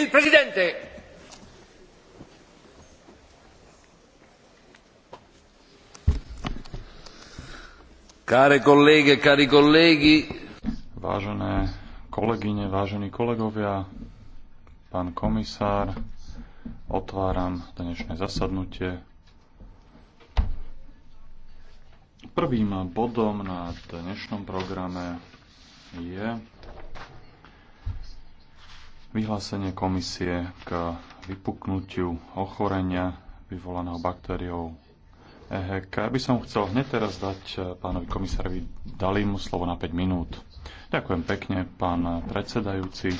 Il Presidente. Care colleghe, e cari colleghi. Vážené kolegyne, vážení kolegovia, pán komisár, otváram dnešné zasadnutie. Prvým bodom na dnešnom programe je Vyhlásenie komisie k vypuknutiu ochorenia vyvolaného baktériou EHK. Ja by som chcel hneď teraz dať eh, pánovi komisárovi Dalimu slovo na 5 minút. Ďakujem pekne, pán predsedajúci.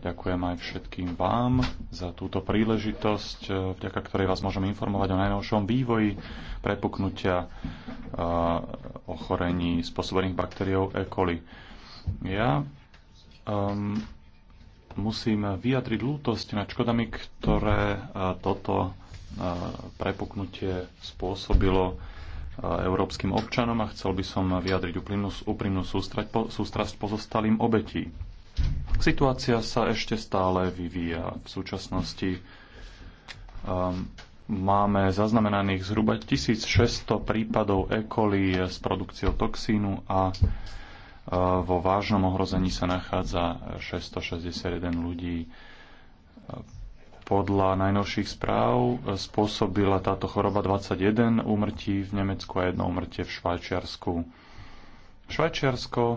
Ďakujem aj všetkým vám za túto príležitosť, eh, vďaka ktorej vás môžem informovať o najnovšom vývoji prepuknutia eh, ochorení spôsobených baktériou E. coli. Ja um, musím vyjadriť lútosť nad škodami, ktoré e, toto e, prepuknutie spôsobilo e, európskym občanom a chcel by som vyjadriť úprimnú, úprimnú sústrať, sústrasť pozostalým obetí. Situácia sa ešte stále vyvíja. V súčasnosti máme zaznamenaných zhruba 1600 prípadov E. coli s produkciou toxínu a vo vážnom ohrození sa nachádza 661 ľudí. Podľa najnovších správ spôsobila táto choroba 21 úmrtí v Nemecku a jedno úmrtie v Švajčiarsku. Švajčiarsko e,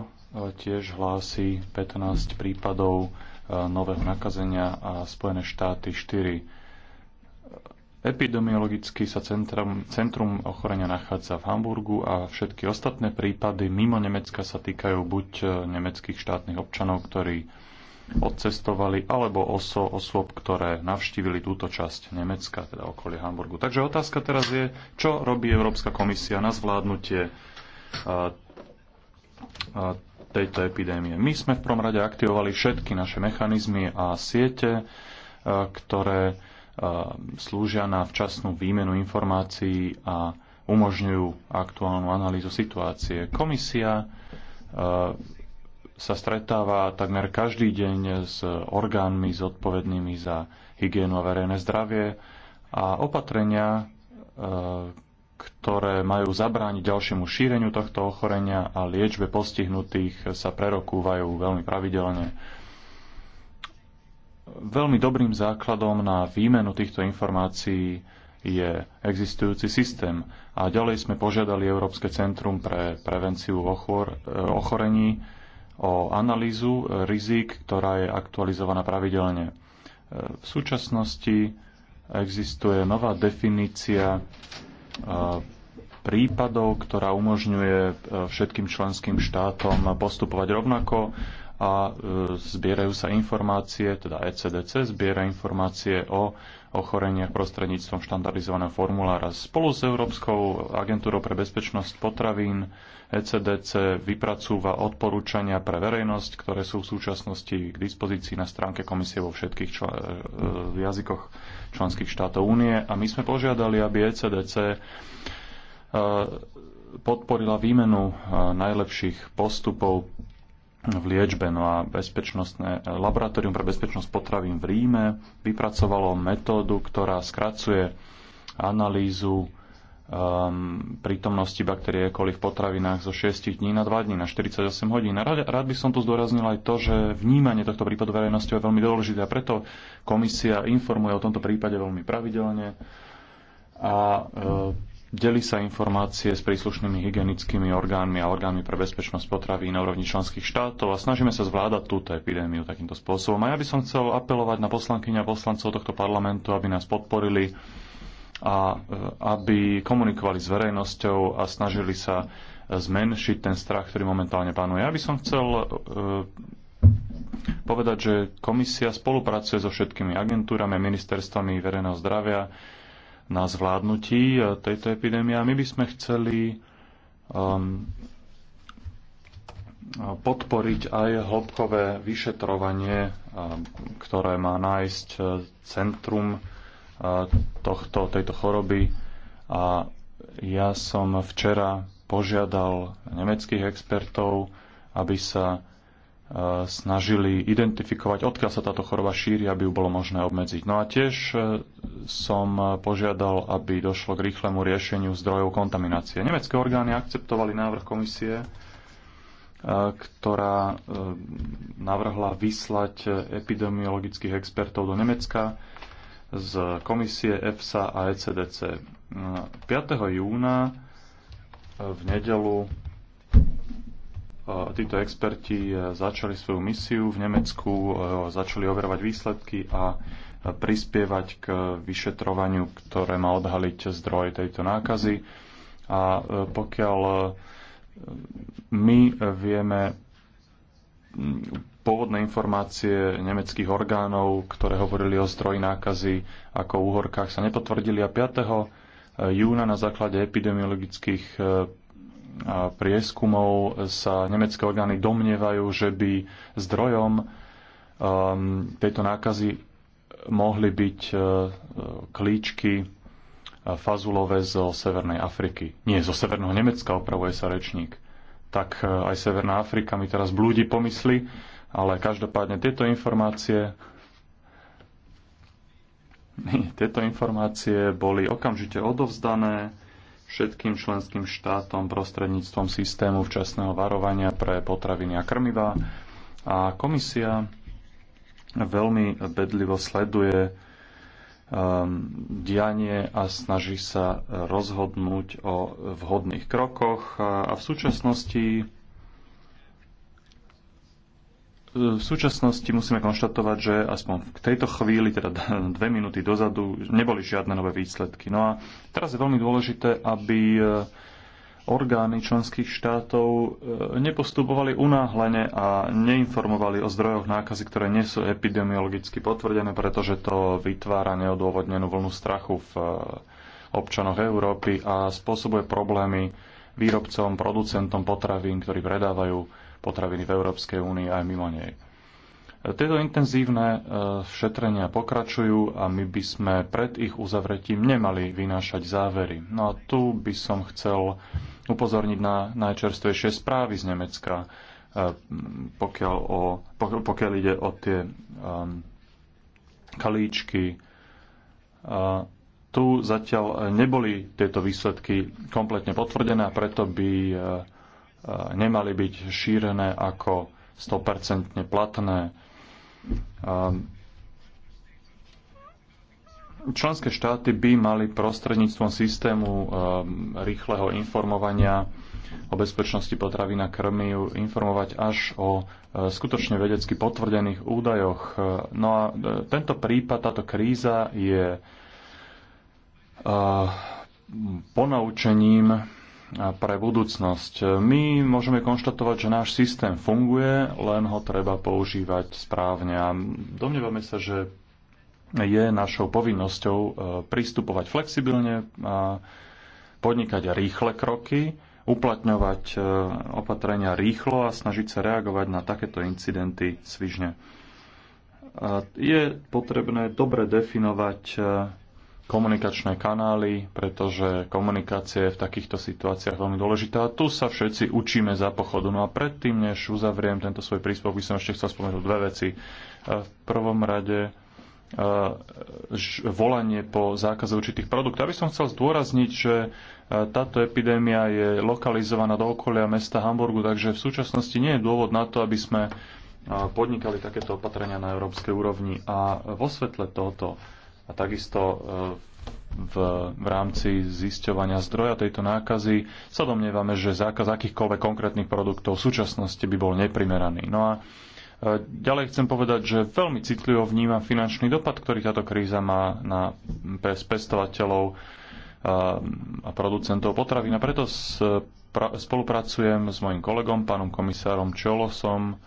tiež hlási 15 prípadov e, nového nakazenia a Spojené štáty 4 Epidemiologicky sa centrum, centrum ochorenia nachádza v Hamburgu a všetky ostatné prípady mimo Nemecka sa týkajú buď e, nemeckých štátnych občanov, ktorí odcestovali, alebo oso, osôb, ktoré navštívili túto časť Nemecka, teda okolie Hamburgu. Takže otázka teraz je, čo robí Európska komisia na zvládnutie a, e, a, e, tejto epidémie. My sme v prvom rade aktivovali všetky naše mechanizmy a siete, a, ktoré Ehm, slúžia na včasnú výmenu informácií a umožňujú aktuálnu analýzu situácie. Komisia ehm, sa stretáva takmer každý deň s orgánmi zodpovednými za hygienu a verejné zdravie a opatrenia, ehm, ktoré majú zabrániť ďalšiemu šíreniu tohto ochorenia a liečbe postihnutých sa prerokúvajú veľmi pravidelne. Veľmi dobrým základom na výmenu týchto informácií je existujúci systém. A ďalej sme požiadali Európske centrum pre prevenciu ochor, eh, ochorení o analýzu rizik, ktorá je aktualizovaná pravidelne. Eh, v súčasnosti existuje nová definícia eh, prípadov, ktorá umožňuje všetkým členským štátom postupovať rovnako a e, zbierajú sa informácie, teda ECDC zbiera informácie o ochoreniach prostredníctvom štandardizovaného formulára. Spolu s Európskou agentúrou pre bezpečnosť potravín ECDC vypracúva odporúčania pre verejnosť, ktoré sú v súčasnosti k dispozícii na stránke komisie vo všetkých čl- e, jazykoch členských štátov únie. A my sme požiadali, aby ECDC e, podporila výmenu najlepších postupov v liečbe. No a bezpečnostné, eh, laboratórium pre bezpečnosť potravín v Ríme vypracovalo metódu, ktorá skracuje analýzu um, prítomnosti baktérie E. v potravinách zo 6 dní na 2 dní, na 48 hodín. A rád, rád by som tu zdôraznil aj to, že vnímanie tohto prípadu verejnosti je veľmi dôležité a preto komisia informuje o tomto prípade veľmi pravidelne a eh, Deli sa informácie s príslušnými hygienickými orgánmi a orgánmi pre bezpečnosť potravy na úrovni členských štátov a snažíme sa zvládať túto epidémiu takýmto spôsobom. A ja by som chcel apelovať na poslankyňa a poslancov tohto parlamentu, aby nás podporili a e, aby komunikovali s verejnosťou a snažili sa e, zmenšiť ten strach, ktorý momentálne panuje. Ja by som chcel e, povedať, že komisia spolupracuje so všetkými agentúrami, ministerstvami verejného zdravia, na zvládnutí eh, tejto epidémie. A my by sme chceli um, podporiť aj hĺbkové vyšetrovanie, eh, ktoré má nájsť eh, centrum tohto, tejto choroby. A ja som včera požiadal nemeckých expertov, aby sa snažili identifikovať, odkiaľ sa táto choroba šíri, aby ju bolo možné obmedziť. No a tiež e, som požiadal, aby došlo k rýchlemu riešeniu zdrojov kontaminácie. Nemecké orgány akceptovali návrh komisie, e, ktorá e, navrhla vyslať epidemiologických expertov do Nemecka z komisie EFSA a ECDC. 5. júna v nedelu títo experti e, začali svoju misiu v Nemecku, e, začali overovať výsledky a e, prispievať k vyšetrovaniu, ktoré má odhaliť zdroj tejto nákazy. A pokiaľ my vieme pôvodné informácie nemeckých orgánov, ktoré hovorili o zdroji nákazy ako úhorkách, sa nepotvrdili a 5. júna na základe epidemiologických prieskumov sa nemecké orgány domnievajú, že by zdrojom um, tejto nákazy mohli byť uh, klíčky uh, fazulové zo Severnej Afriky. Nie, zo Severného Nemecka opravuje sa rečník. Tak uh, aj Severná Afrika mi teraz blúdi pomysly, ale každopádne tieto informácie tieto informácie boli okamžite odovzdané všetkým členským štátom prostredníctvom systému včasného varovania pre potraviny a krmivá. A komisia veľmi bedlivo sleduje ehm, dianie a snaží sa rozhodnúť o vhodných krokoch. A v súčasnosti v súčasnosti musíme konštatovať, že aspoň v tejto chvíli, teda dve minúty dozadu, neboli žiadne nové výsledky. No a teraz je veľmi dôležité, aby eh, orgány členských štátov eh, nepostupovali unáhlene a neinformovali o zdrojoch nákazy, ktoré nie sú epidemiologicky potvrdené, pretože to vytvára neodôvodnenú vlnu strachu v eh, občanoch Európy a spôsobuje problémy výrobcom, producentom potravín, ktorí predávajú potraviny v Európskej únii aj mimo nej. Tieto intenzívne e, šetrenia pokračujú a my by sme pred ich uzavretím nemali vynášať závery. No a tu by som chcel upozorniť na najčerstvejšie správy z Nemecka, e, pokiaľ, o, pokiaľ ide o tie um, kalíčky. tu zatiaľ neboli tieto výsledky kompletne potvrdené a preto by Eh, nemali byť šírené ako 100% platné. Ehm, členské štáty by mali prostredníctvom systému ehm, rýchleho informovania o bezpečnosti potravín a krmiv informovať až o eh, skutočne vedecky potvrdených údajoch. Eh, no a tento prípad, táto kríza je ponaučením pre budúcnosť. My môžeme konštatovať, že náš systém funguje, len ho treba používať správne. A domnievame sa, že je našou povinnosťou e, pristupovať flexibilne a podnikať rýchle kroky, uplatňovať e, opatrenia rýchlo a snažiť sa reagovať na takéto incidenty svižne. Je potrebné dobre definovať e, komunikačné kanály, pretože komunikácia je v takýchto situáciách veľmi dôležitá. A tu sa všetci učíme za pochodu. No a predtým, než uzavriem tento svoj príspevok, by som ešte chcel spomenúť dve veci. E, v prvom rade e, volanie po zákaze určitých produktov. Aby som chcel zdôrazniť, že e, táto epidémia je lokalizovaná do okolia mesta Hamburgu, takže v súčasnosti nie je dôvod na to, aby sme podnikali takéto opatrenia na európskej úrovni. A vo svetle tohoto a takisto e, v, v rámci zisťovania zdroja tejto nákazy sa domnievame, že zákaz akýchkoľvek konkrétnych produktov v súčasnosti by bol neprimeraný. No a e, ďalej chcem povedať, že veľmi citlivo vníma finančný dopad, ktorý táto kríza má na PS pestovateľov e, a producentov potravín. A preto spolupracujem s mojim kolegom, pánom komisárom Čolosom,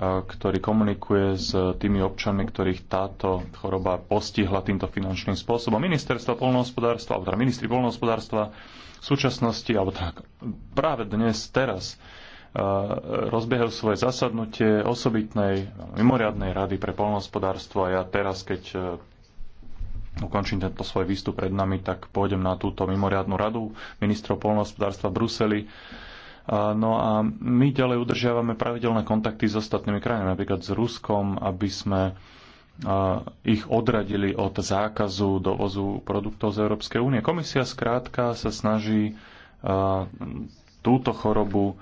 ktorý komunikuje s tými občanmi, ktorých táto choroba postihla týmto finančným spôsobom. Ministerstva polnohospodárstva, alebo teda ministri polnohospodárstva v súčasnosti, alebo tak práve dnes, teraz rozbiehajú svoje zasadnutie osobitnej mimoriadnej rady pre polnohospodárstvo a ja teraz, keď ukončím tento svoj výstup pred nami, tak pôjdem na túto mimoriadnu radu ministrov polnohospodárstva v Bruseli No a my ďalej udržiavame pravidelné kontakty s ostatnými krajinami, napríklad s Ruskom, aby sme ich odradili od zákazu dovozu produktov z Európskej únie. Komisia skrátka sa snaží túto chorobu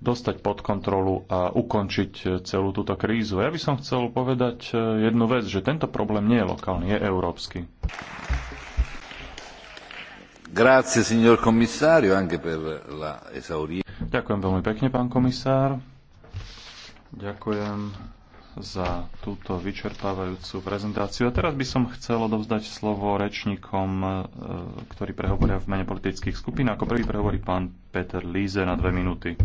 dostať pod kontrolu a ukončiť celú túto krízu. Ja by som chcel povedať e, jednu vec, že tento problém nie je lokálny, je európsky. Grazie, signor commissario, anche per la esaurie. Ďakujem veľmi pekne, pán komisár. Ďakujem za túto vyčerpávajúcu prezentáciu. A teraz by som chcel odovzdať slovo rečníkom, eh, ktorí prehovoria v mene politických skupín. Ako prvý prehovorí pán Peter Líze na dve minúty.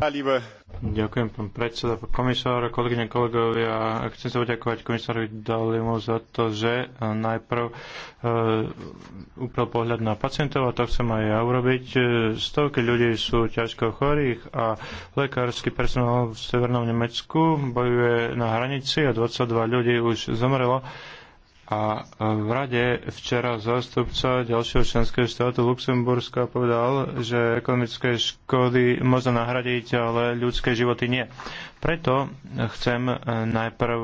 Ďakujem, pán predseda, pán komisár, kolegyne, kolegovia. Chcem sa poďakovať komisárovi Dalimu za to, že e, najprv uh, uprel pohľad na pacientov a to chcem aj ja urobiť. E, stovky ľudí sú ťažko chorých a lekársky personál v Severnom Nemecku bojuje na hranici a 22 ľudí už zomrelo. A e, v rade včera zástupca ďalšieho členského štátu Luxemburska povedal, že ekonomické škody možno nahradiť, ale ľudské životy nie. Preto chcem e, najprv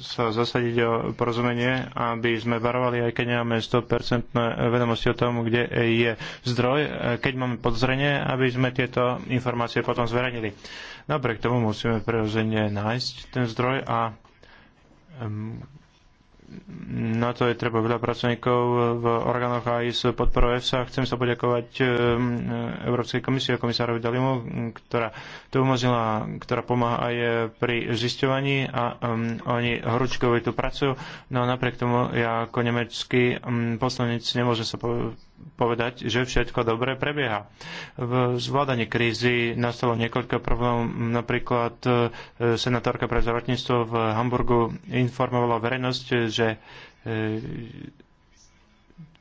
sa zasadiť o porozumenie, aby sme varovali, aj keď nemáme 100% vedomosti o tom, kde je zdroj, e, keď máme podzrenie, aby sme tieto informácie potom zverejnili. Napriek tomu musíme prirodzene nájsť ten zdroj a um, na to je treba veľa pracovníkov v orgánoch aj s podporou EFSA. Chcem sa poďakovať um, Európskej komisii a komisárovi Dalimu, ktorá to umožnila, ktorá pomáha aj pri zisťovaní a um, oni horúčkovo tu pracujú. No napriek tomu ja ako nemecký um, poslanec nemôžem sa povedať, že všetko dobre prebieha. V zvládaní krízy nastalo niekoľko problémov. Napríklad e, senátorka pre zdravotníctvo v Hamburgu informovala verejnosť, že e,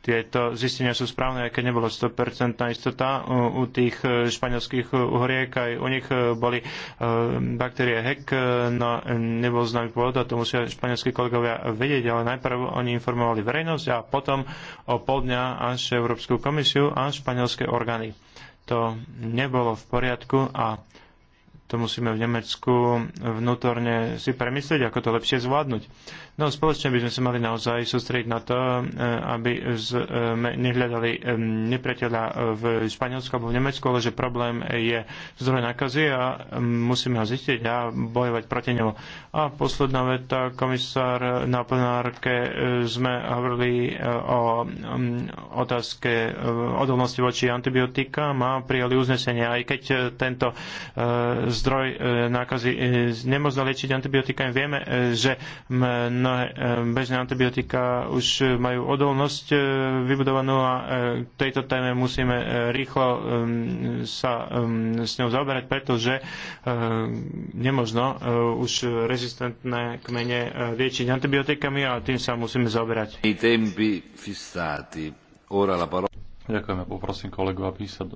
tieto zistenia sú správne, aj keď nebolo 100% istota u, u tých e, španielských e, uhoriek, aj u nich e, boli baktérie HEC, no nebol známy pôvod a to musia španielskí kolegovia vedieť, ale najprv oni informovali verejnosť a potom o pol dňa až Európsku komisiu a španielské orgány. To nebolo v poriadku a to musíme v Nemecku vnútorne si premyslieť, ako to lepšie zvládnuť. No spoločne by sme sa mali naozaj sústrediť na to, eh, aby sme nehľadali eh, nepriateľa v Španielsku alebo v Nemecku, ale že problém je zdroj nákazy a eh, musíme ho zistiť a bojovať proti nemu. A posledná veta, komisár na plenárke sme hovorili o mm, otázke odolnosti voči antibiotikám a prijali uznesenie, aj keď tento zdroj e, nákazy. E, Nemôžno liečiť antibiotikami. Vieme, e, že mnohé bežné antibiotika už majú odolnosť vybudovanú a tejto téme musíme rýchlo sa s ňou zaoberať, pretože nemožno už rezistentné kmene liečiť antibiotikami a tým sa musíme zaoberať. I tempi fissati. Ora la parola. Ďakujem a poprosím kolegu, aby sa e,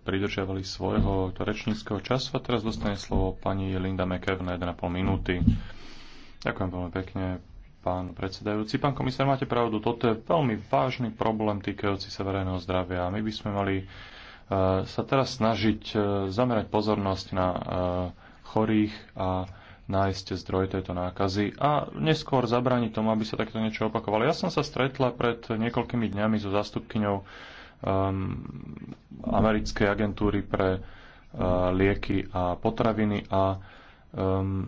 pridržiavali svojho rečníckého času. A teraz dostane slovo pani Linda Mekev na 1,5 minúty. Ďakujem veľmi pekne, pán predsedajúci. Pán komisár, máte pravdu, toto je veľmi vážny problém týkajúci sa verejného zdravia. My by sme mali e, sa teraz snažiť e, zamerať pozornosť na e, chorých a nájsť zdroj tejto nákazy a neskôr zabrániť tomu, aby sa takto niečo opakovalo. Ja som sa stretla pred niekoľkými dňami so zástupkyňou Um, americkej agentúry pre uh, lieky a potraviny a um,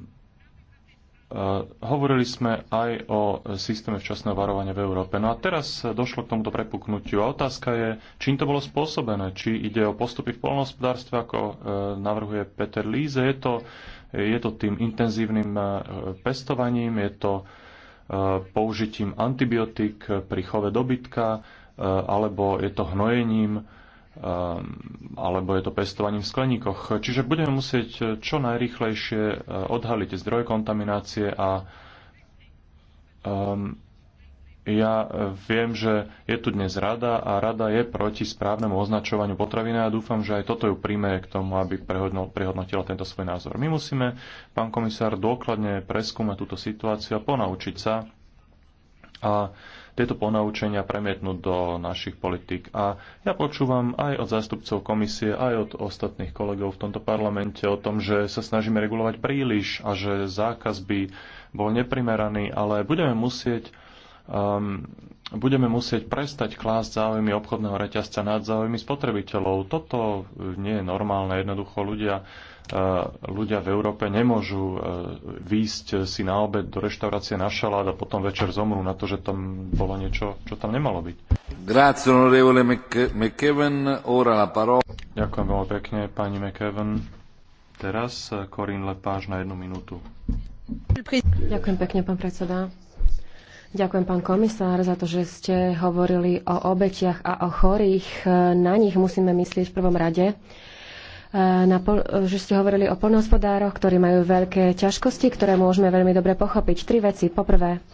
uh, hovorili sme aj o systéme včasného varovania v Európe. No a teraz došlo k tomuto prepuknutiu a otázka je, čím to bolo spôsobené. Či ide o postupy v polnohospodárstve, ako uh, navrhuje Peter Líze. Je to, je to tým intenzívnym pestovaním, je to použitím antibiotík pri chove dobytka, Eh, alebo je to hnojením, eh, alebo je to pestovaním v skleníkoch. Čiže budeme musieť eh, čo najrychlejšie odhaliť zdroj kontaminácie a um, ja viem, že je tu dnes rada a rada je proti správnemu označovaniu potraviny a dúfam, že aj toto ju príjme k tomu, aby prehodnotila tento svoj názor. My musíme, pán komisár, dôkladne preskúmať túto situáciu a ponaučiť sa. A tieto ponaučenia premietnúť do našich politik. A ja počúvam aj od zástupcov komisie, aj od ostatných kolegov v tomto parlamente o tom, že sa snažíme regulovať príliš a že zákaz by bol neprimeraný, ale budeme musieť um, budeme musieť prestať klásť záujmy obchodného reťazca nad záujmy spotrebiteľov. Toto eh, nie je normálne. Jednoducho ľudia, eh, ľudia v Európe nemôžu eh, výjsť si na obed do reštaurácie na šalát a potom večer zomrú na to, že tam bolo niečo, čo tam nemalo byť. Grazie, onorevole McKeven. Ora la parola. Ďakujem veľmi pekne, pani McKeven. Teraz Corinne Lepáš na jednu minútu. Ďakujem pekne, pán predseda. Ďakujem, pán komisár, za to, že ste hovorili o obetiach a o chorých. Na nich musíme myslieť v prvom rade. E, na, že ste hovorili o polnohospodároch, ktorí majú veľké ťažkosti, ktoré môžeme veľmi dobre pochopiť. Tri veci. Poprvé,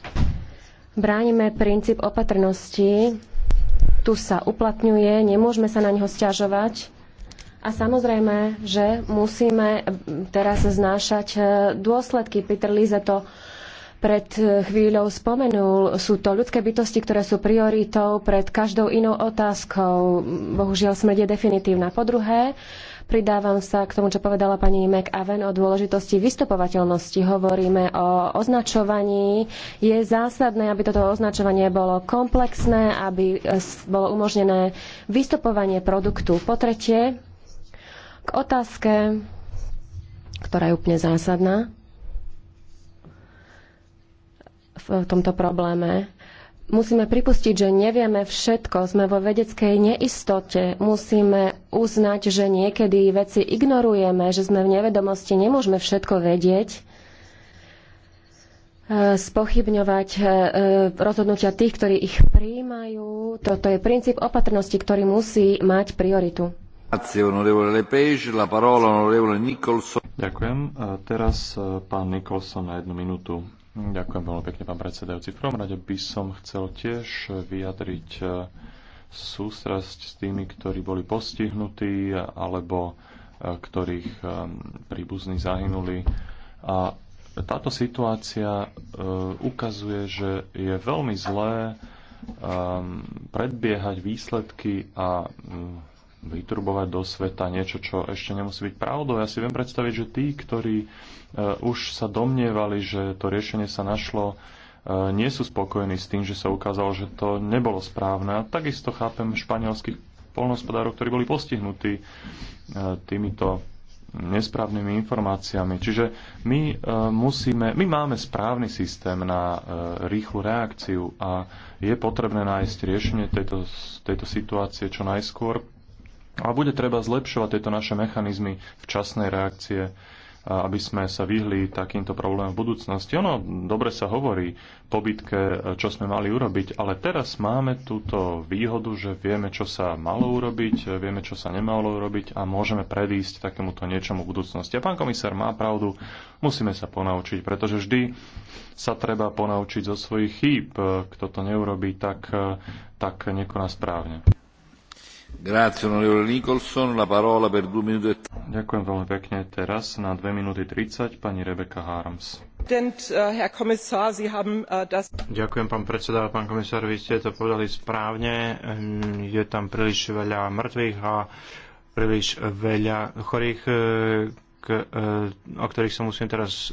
bránime princíp opatrnosti. Tu sa uplatňuje, nemôžeme sa na neho stiažovať. A samozrejme, že musíme teraz znášať e, dôsledky. Peter Lize to pred chvíľou spomenul, sú to ľudské bytosti, ktoré sú prioritou pred každou inou otázkou. Bohužiaľ, smrť je definitívna. Po druhé, pridávam sa k tomu, čo povedala pani McAven o dôležitosti vystupovateľnosti. Hovoríme o označovaní. Je zásadné, aby toto označovanie bolo komplexné, aby bolo umožnené vystupovanie produktu. Po tretie, k otázke, ktorá je úplne zásadná v tomto probléme. Musíme pripustiť, že nevieme všetko, sme vo vedeckej neistote, musíme uznať, že niekedy veci ignorujeme, že sme v nevedomosti, nemôžeme všetko vedieť, e, spochybňovať e, rozhodnutia tých, ktorí ich príjmajú. Toto je princíp opatrnosti, ktorý musí mať prioritu. Ďakujem. A e, teraz pán Nicholson na jednu minútu. Ďakujem veľmi pekne, pán predsedajúci. V prvom rade by som chcel tiež vyjadriť e, sústrasť s tými, ktorí boli postihnutí alebo e, ktorých e, príbuzní zahynuli. A táto situácia ukazuje, že je veľmi zlé predbiehať výsledky a vyturbovať do sveta niečo, čo ešte nemusí byť pravdou. Ja si viem predstaviť, že tí, ktorí e, už sa domnievali, že to riešenie sa našlo, e, nie sú spokojní s tým, že sa ukázalo, že to nebolo správne. A takisto chápem španielských polnospodárov, ktorí boli postihnutí e, týmito nesprávnymi informáciami. Čiže my musíme, my máme správny systém na rýchlu reakciu a je potrebné nájsť riešenie tejto, tejto situácie čo najskôr a bude treba zlepšovať tieto naše mechanizmy včasnej reakcie, aby sme sa vyhli takýmto problémom v budúcnosti. Ono dobre sa hovorí po bitke, čo sme mali urobiť, ale teraz máme túto výhodu, že vieme, čo sa malo urobiť, vieme, čo sa nemalo urobiť a môžeme predísť takémuto niečomu v budúcnosti. A pán komisár má pravdu, musíme sa ponaučiť, pretože vždy sa treba ponaučiť zo svojich chýb. Kto to neurobí, tak, tak nekoná správne. E Ďakujem veľmi pekne. Teraz na 2 minúty 30 pani Rebeka Harms. Uh, uh, Ďakujem, pán predseda, pán komisár, vy ste to povedali správne. Hm, je tam príliš veľa mŕtvych a príliš veľa chorých, eh, E, o ktorých sa musím teraz e,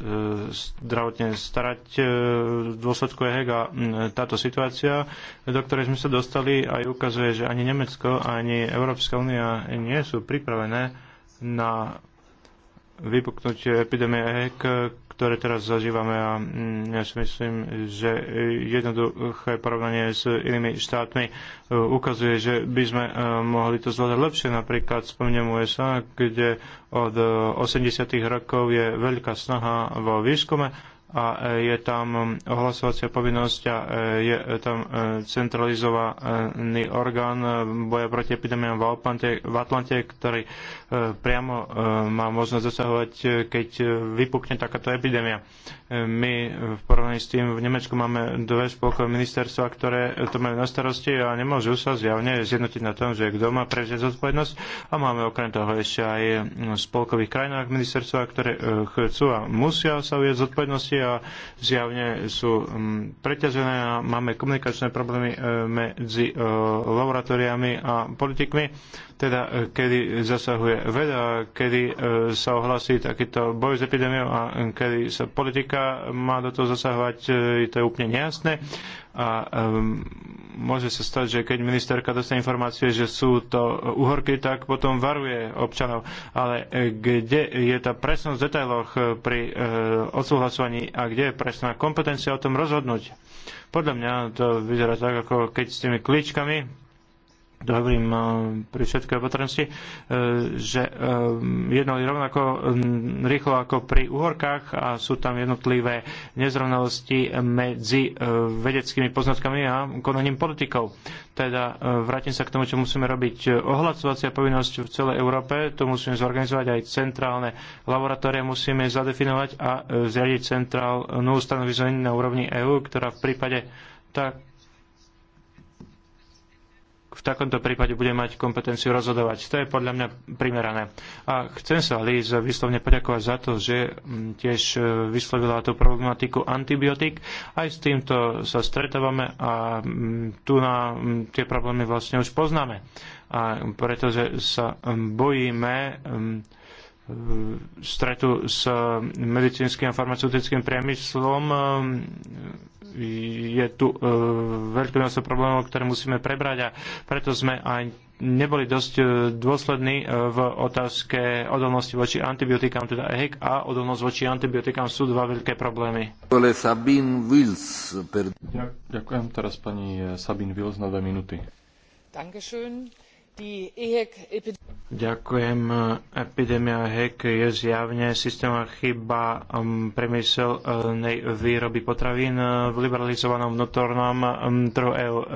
zdravotne starať e, v dôsledku EHEG táto situácia, do ktorej sme sa dostali, aj ukazuje, že ani Nemecko, ani Európska únia nie sú pripravené na vypuknutie epidémie EHEG, ktoré teraz zažívame a mm, ja si myslím, že jednoduché porovnanie s inými štátmi e, ukazuje, že by sme e, mohli to zvládať lepšie. Napríklad spomínam USA, kde od 80. E, rokov je veľká snaha vo výskume a e, je tam ohlasovacia povinnosť a e, je tam e, centralizovaný orgán boja proti epidémiám v, v Atlante, ktorý priamo má možnosť zasahovať, keď vypukne takáto epidémia. My v porovnaní s tým v Nemecku máme dve spolkové ministerstva, ktoré to majú na starosti a nemôžu sa zjavne zjednotiť na tom, že kto má prežiť zodpovednosť a máme okrem toho ešte aj v spolkových krajinách ministerstva, ktoré chcú a musia sa ujeť zodpovednosti a zjavne sú mm, preťažené a máme komunikačné problémy e, medzi e, laboratóriami a politikmi, teda e, kedy zasahuje veda, kedy sa ohlasí takýto boj s epidémiou a kedy sa politika má do toho zasahovať, to je úplne nejasné a um, môže sa stať, že keď ministerka dostane informácie, že sú to uhorky, tak potom varuje občanov. Ale e, kde je tá presnosť v detailoch e, pri uh, odsúhlasovaní a kde je presná kompetencia o tom rozhodnúť? Podľa mňa to vyzerá tak, ako keď s tými kličkami dohovorím eh, pri všetkej opatrnosti, eh, že eh, jednali rovnako mm, rýchlo ako pri uhorkách a sú tam jednotlivé nezrovnalosti medzi vedeckými poznatkami a konaním politikov. Teda vrátim sa k tomu, čo musíme robiť. Ohlacovacia povinnosť v celej Európe, to musíme zorganizovať aj centrálne laboratórie, musíme zadefinovať a zriadiť centrálnu ustanovizovanie na úrovni EÚ, ktorá v prípade tak v takomto prípade bude mať kompetenciu rozhodovať. To je podľa mňa primerané. A chcem sa Liz vyslovne poďakovať za to, že mm, tiež e, vyslovila tú problematiku antibiotík. Aj s týmto sa stretávame a mm, tu na mm, tie problémy vlastne už poznáme. A pretože sa bojíme stretu s medicínskym a farmaceutickým priemyslom je tu e, veľké množstvo problémov, ktoré musíme prebrať a preto sme aj neboli dosť e, dôslední e, v otázke odolnosti voči antibiotikám, teda EHEC a odolnosť voči antibiotikám sú dva veľké problémy. Ďakujem teraz pani Sabine Wills na dve minúty. Dankeschön. E e Ďakujem. Epidémia e HEK je zjavne systémová chyba um, priemyselnej výroby potravín v liberalizovanom vnútornom um, trhu EU. Uh,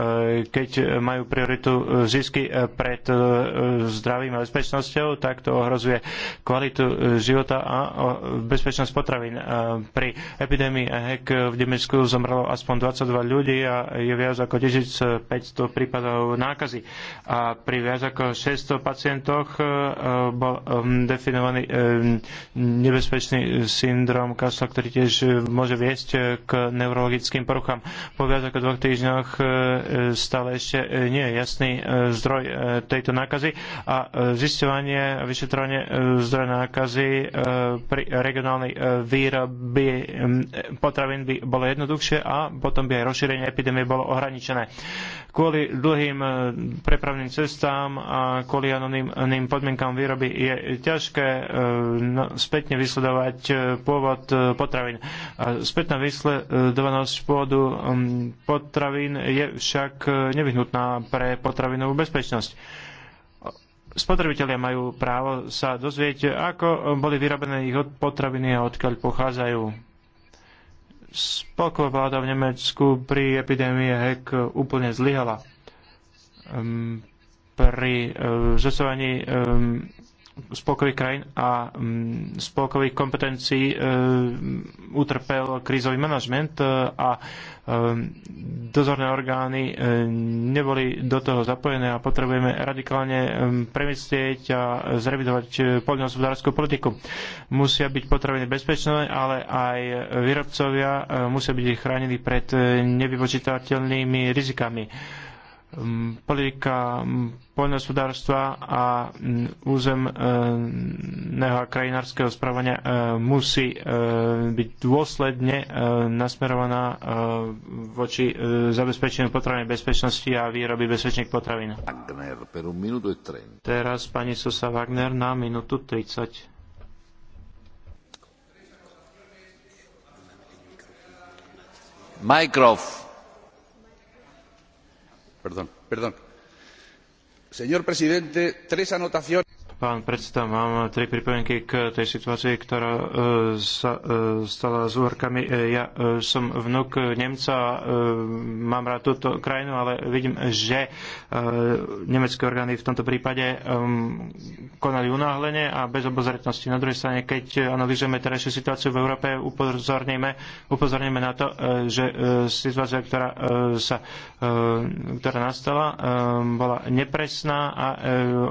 keď majú prioritu zisky uh, pred uh, zdravím a bezpečnosťou, tak to ohrozuje kvalitu života a bezpečnosť potravín. Pri epidémii HEK v Nemecku zomrelo aspoň 22 ľudí a je viac ako 1500 prípadov nákazy. A pri viac ako 600 pacientoch e, e, bol definovaný nebezpečný syndrom Kasla, ktorý tiež môže viesť e, k neurologickým poruchám. Po viac ako dvoch týždňoch stále ešte nie je jasný zdroj tejto nákazy a zisťovanie a vyšetrovanie zdroja nákazy pri regionálnej výrobe potravín by bolo jednoduchšie a potom by aj rozšírenie epidémie bolo ohraničené kvôli dlhým eh, prepravným cestám a kvôli anonimným podmienkám výroby je ťažké eh, no, spätne vysledovať eh, pôvod potravín. Spätná vysledovanosť pôvodu mm, potravín je však nevyhnutná pre potravinovú bezpečnosť spotrebitelia majú právo sa dozvieť, ako boli vyrobené ich potraviny a odkiaľ pochádzajú spolková vláda v Nemecku pri epidémie HEC úplne zlyhala. Ehm, pri ehm, zosovaní ehm, spolkových krajín a mm, spolkových kompetencií e, mm, utrpel krízový manažment e, a e, dozorné orgány neboli do toho zapojené a potrebujeme radikálne premyslieť a zrevidovať poľnohospodárskú politiku. Musia byť potraviny bezpečné, ale aj výrobcovia musia byť chránení pred nevypočítateľnými rizikami politika poľnohospodárstva a územného a krajinárskeho správania e, musí e, byť dôsledne e, nasmerovaná voči zabezpečeniu potravín bezpečnosti a výroby bezpečných potravín. Teraz pani Sosa Wagner na minútu 30. Microphone señor presidente tres anotaciones muy breves. Pán predseda, mám tri pripomienky k tej situácii, ktorá e, sa e, stala s úrkami. E, ja som vnuk Nemca, mám rád túto krajinu, ale vidím, že nemecké orgány v tomto prípade konali unáhlenie a bez obozretnosti. Na druhej strane, keď analýzujeme terajšiu situáciu v Európe, upozorníme, upozorníme na to, že situácia, ktorá, sa, ktorá nastala, bola nepresná a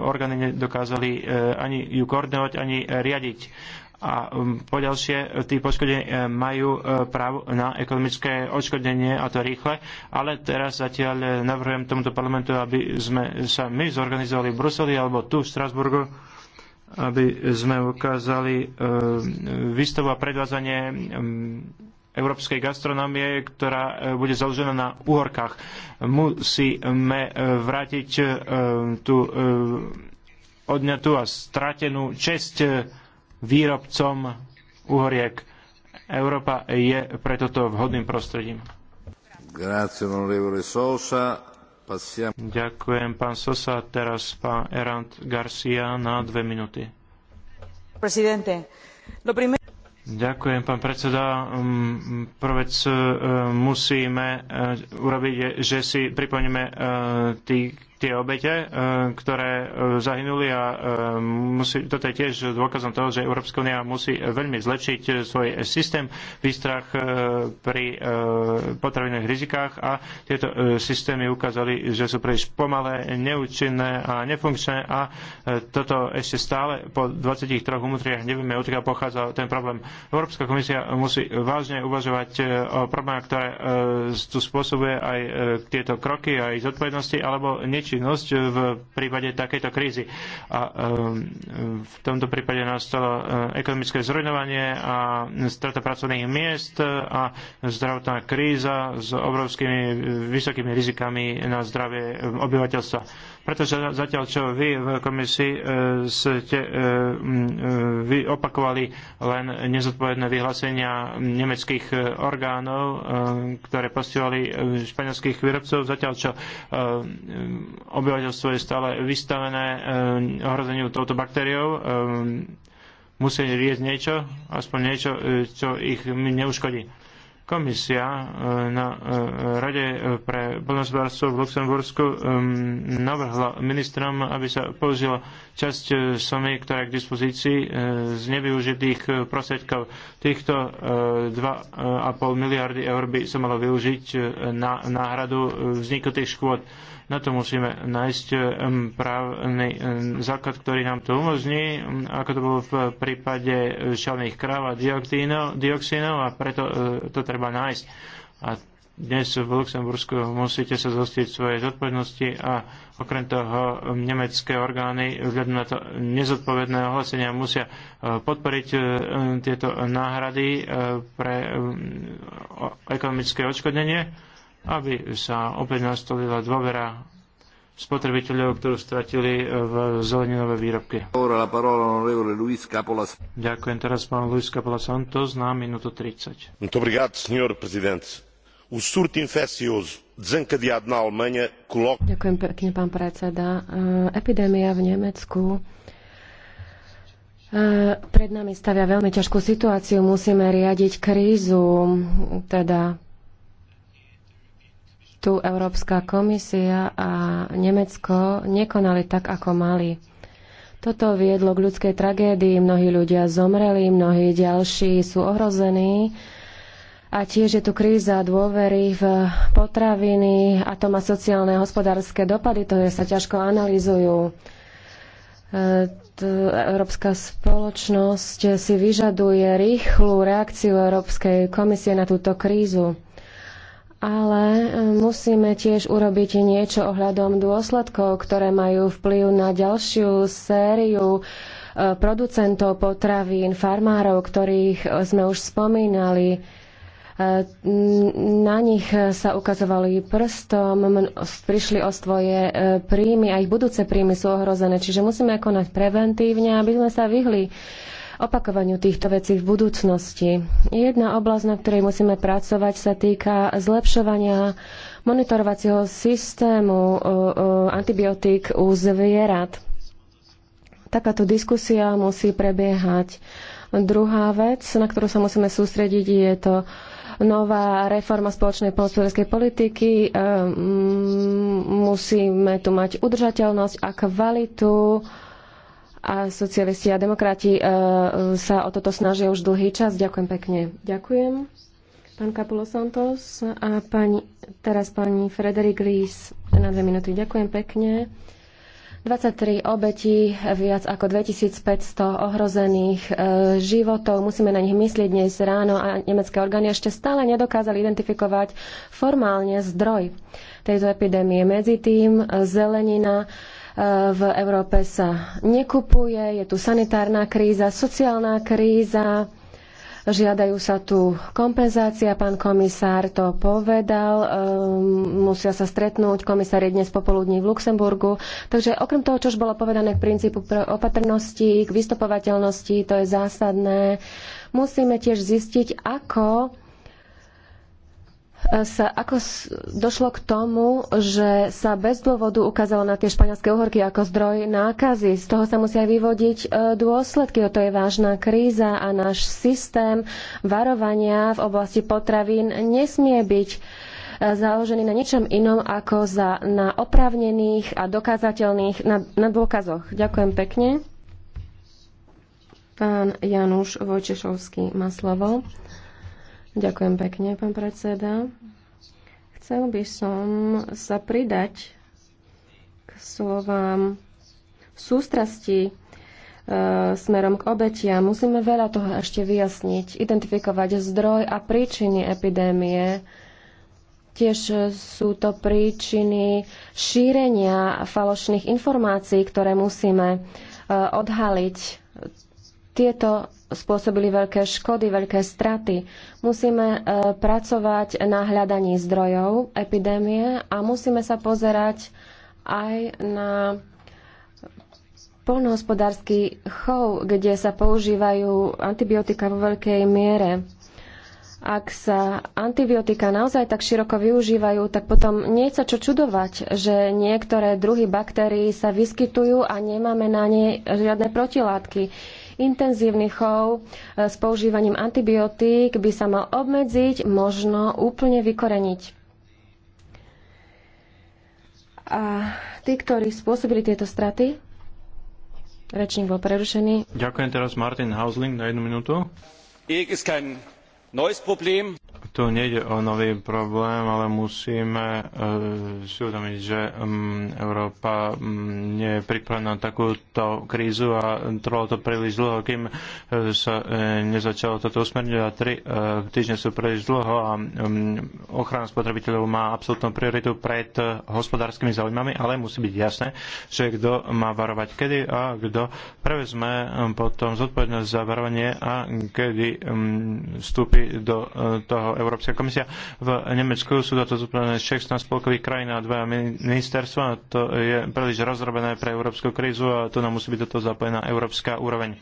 orgány nedokázali. Eh, ani ju koordinovať, ani eh, riadiť. A um, poďalšie, eh, tí poškodení majú právo na ekonomické odškodnenie a to rýchle, ale teraz zatiaľ navrhujem tomuto parlamentu, aby sme sa my zorganizovali v Bruseli alebo tu v Strasburgu, aby sme ukázali výstavu a predvázanie mm, európskej gastronómie, ktorá bude založená na uhorkách. Musíme vrátiť tú odňatú a stratenú česť eh, výrobcom uhoriek. Európa je pre toto vhodným prostredím. Ďakujem, pán Sosa. Teraz pán Erant Garcia na dve minúty. Ďakujem, pán predseda. Mm, Prvec eh, musíme eh, urobiť, že si pripomneme tých tie obete, e, ktoré e, zahynuli a e, musí, toto je tiež dôkazom toho, že Európska únia musí veľmi zlepšiť svoj systém výstrach pri potravinových rizikách a tieto systémy ukázali, že sú príliš pomalé, neúčinné a nefunkčné a toto ešte stále po 23 umutriach nevieme, odkiaľ pochádza ten problém. Európska komisia musí vážne uvažovať o problémach, ktoré tu spôsobuje aj tieto kroky, aj zodpovednosti, alebo niečo účinnosť v prípade takejto krízy. A ehm, v tomto prípade nastalo eh, ekonomické zrujnovanie a strata pracovných miest a zdravotná kríza s obrovskými vysokými rizikami na zdravie obyvateľstva pretože zatiaľ, čo vy v komisii e, ste e, e, vy opakovali len nezodpovedné vyhlásenia nemeckých orgánov, ktoré postihovali španielských výrobcov, zatiaľ, čo obyvateľstvo je stále vystavené ohrozeniu touto baktériou, musí riesť niečo, aspoň niečo, čo ich neuškodí Komisia e, na e, Rade pre poľnohospodárstvo v Luxembursku e, navrhla ministrom, aby sa použila časť e, sumy, ktorá je k dispozícii e, z nevyužitých e, prostriedkov. Týchto 2,5 miliardy eur by sa malo využiť na náhradu vzniku tých škôd. Na to musíme nájsť právny základ, ktorý nám to umožní, ako to bolo v prípade šalných kráv a dioxínov, dioxínov a preto to treba nájsť. A dnes v Luxembursku musíte sa zostiť svojej zodpovednosti a okrem toho nemecké orgány vzhľadom na to nezodpovedné ohlasenia musia e, podporiť e, tieto náhrady e, pre ekonomické odškodnenie, aby sa opäť nastolila dôvera spotrebiteľov, ktorú stratili v zeleninové výrobky. Ďakujem teraz pán Luis Capola Santos na minútu 30. Dobrý obrigado, senior prezident o surto infeccioso desencadeado na Alemanha coloca. Ďakujem pekne, pán predseda. Eh, epidémia v Nemecku eh, pred nami stavia veľmi ťažkú situáciu. Musíme riadiť krízu, teda tu Európska komisia a Nemecko nekonali tak, ako mali. Toto viedlo k ľudskej tragédii, mnohí ľudia zomreli, mnohí ďalší sú ohrození a tiež je tu kríza dôvery v potraviny a to má sociálne a hospodárske dopady, to je, sa ťažko analýzujú. E, Európska spoločnosť si vyžaduje rýchlu reakciu Európskej komisie na túto krízu. Ale e, musíme tiež urobiť niečo ohľadom dôsledkov, ktoré majú vplyv na ďalšiu sériu e, producentov potravín, farmárov, ktorých sme už spomínali na nich sa ukazovali prstom, prišli o svoje e, príjmy a ich budúce príjmy sú ohrozené. Čiže musíme konať preventívne, aby sme sa vyhli opakovaniu týchto vecí v budúcnosti. Jedna oblasť, na ktorej musíme pracovať, sa týka zlepšovania monitorovacieho systému e, e, antibiotík u zvierat. Takáto diskusia musí prebiehať. Druhá vec, na ktorú sa musíme sústrediť, je to nová reforma spoločnej polnospodárskej politiky. Ehm, musíme tu mať udržateľnosť a kvalitu a socialisti a demokrati ehm, sa o toto snažia už dlhý čas. Ďakujem pekne. Ďakujem. Pán Kapulo Santos a pani, teraz pani Frederik Ries na dve minúty. Ďakujem pekne. 23 obetí, viac ako 2500 ohrozených e, životov. Musíme na nich myslieť dnes ráno a nemecké orgány ešte stále nedokázali identifikovať formálne zdroj tejto epidémie. Medzi tým e, zelenina e, v Európe sa nekupuje, je tu sanitárna kríza, sociálna kríza, Žiadajú sa tu kompenzácia, pán komisár to povedal, um, musia sa stretnúť, komisár je dnes popoludní v Luxemburgu. Takže okrem toho, čo už bolo povedané k princípu opatrnosti, k vystopovateľnosti, to je zásadné, musíme tiež zistiť, ako E, sa, ako došlo k tomu, že sa bez dôvodu ukázalo na tie španielské uhorky ako zdroj nákazy. Z toho sa musia vyvodiť e, dôsledky. O to je vážna kríza a náš systém varovania v oblasti potravín nesmie byť e, založený na ničom inom ako za, na oprávnených a dokázateľných na, na dôkazoch. Ďakujem pekne. Pán Januš Vojčešovský má slovo. Ďakujem pekne, pán predseda. Chcel by som sa pridať k slovám sústrasti e, smerom k obetiam. Musíme veľa toho ešte vyjasniť, identifikovať zdroj a príčiny epidémie. Tiež sú to príčiny šírenia falošných informácií, ktoré musíme e, odhaliť. Tieto spôsobili veľké škody, veľké straty. Musíme e, pracovať na hľadaní zdrojov epidémie a musíme sa pozerať aj na polnohospodársky chov, kde sa používajú antibiotika vo veľkej miere. Ak sa antibiotika naozaj tak široko využívajú, tak potom nie je sa čo čudovať, že niektoré druhy baktérií sa vyskytujú a nemáme na ne žiadne protilátky intenzívny chov e, s používaním antibiotík by sa mal obmedziť, možno úplne vykoreniť. A tí, ktorí spôsobili tieto straty, rečník bol prerušený. Ďakujem teraz Martin Hausling na jednu minútu. Erik ist kein neues Problem tu nejde o nový problém, ale musíme e, si uvedomiť, že mm, Európa mm, nie je pripravená na takúto krízu a trvalo to príliš dlho, kým e, sa e, nezačalo toto usmerniť a tri týždne sú príliš dlho a mm, ochrana spotrebiteľov má absolútnu prioritu pred hospodárskymi záujmami, ale musí byť jasné, že kto má varovať kedy a kto prevezme potom zodpovednosť za varovanie a kedy vstúpi do toho Európska komisia. V Nemecku sú toto zúplené 16 spolkových krajín a dva ministerstva. To je príliš rozrobené pre európsku krízu a tu nám musí byť do toho zapojená európska úroveň.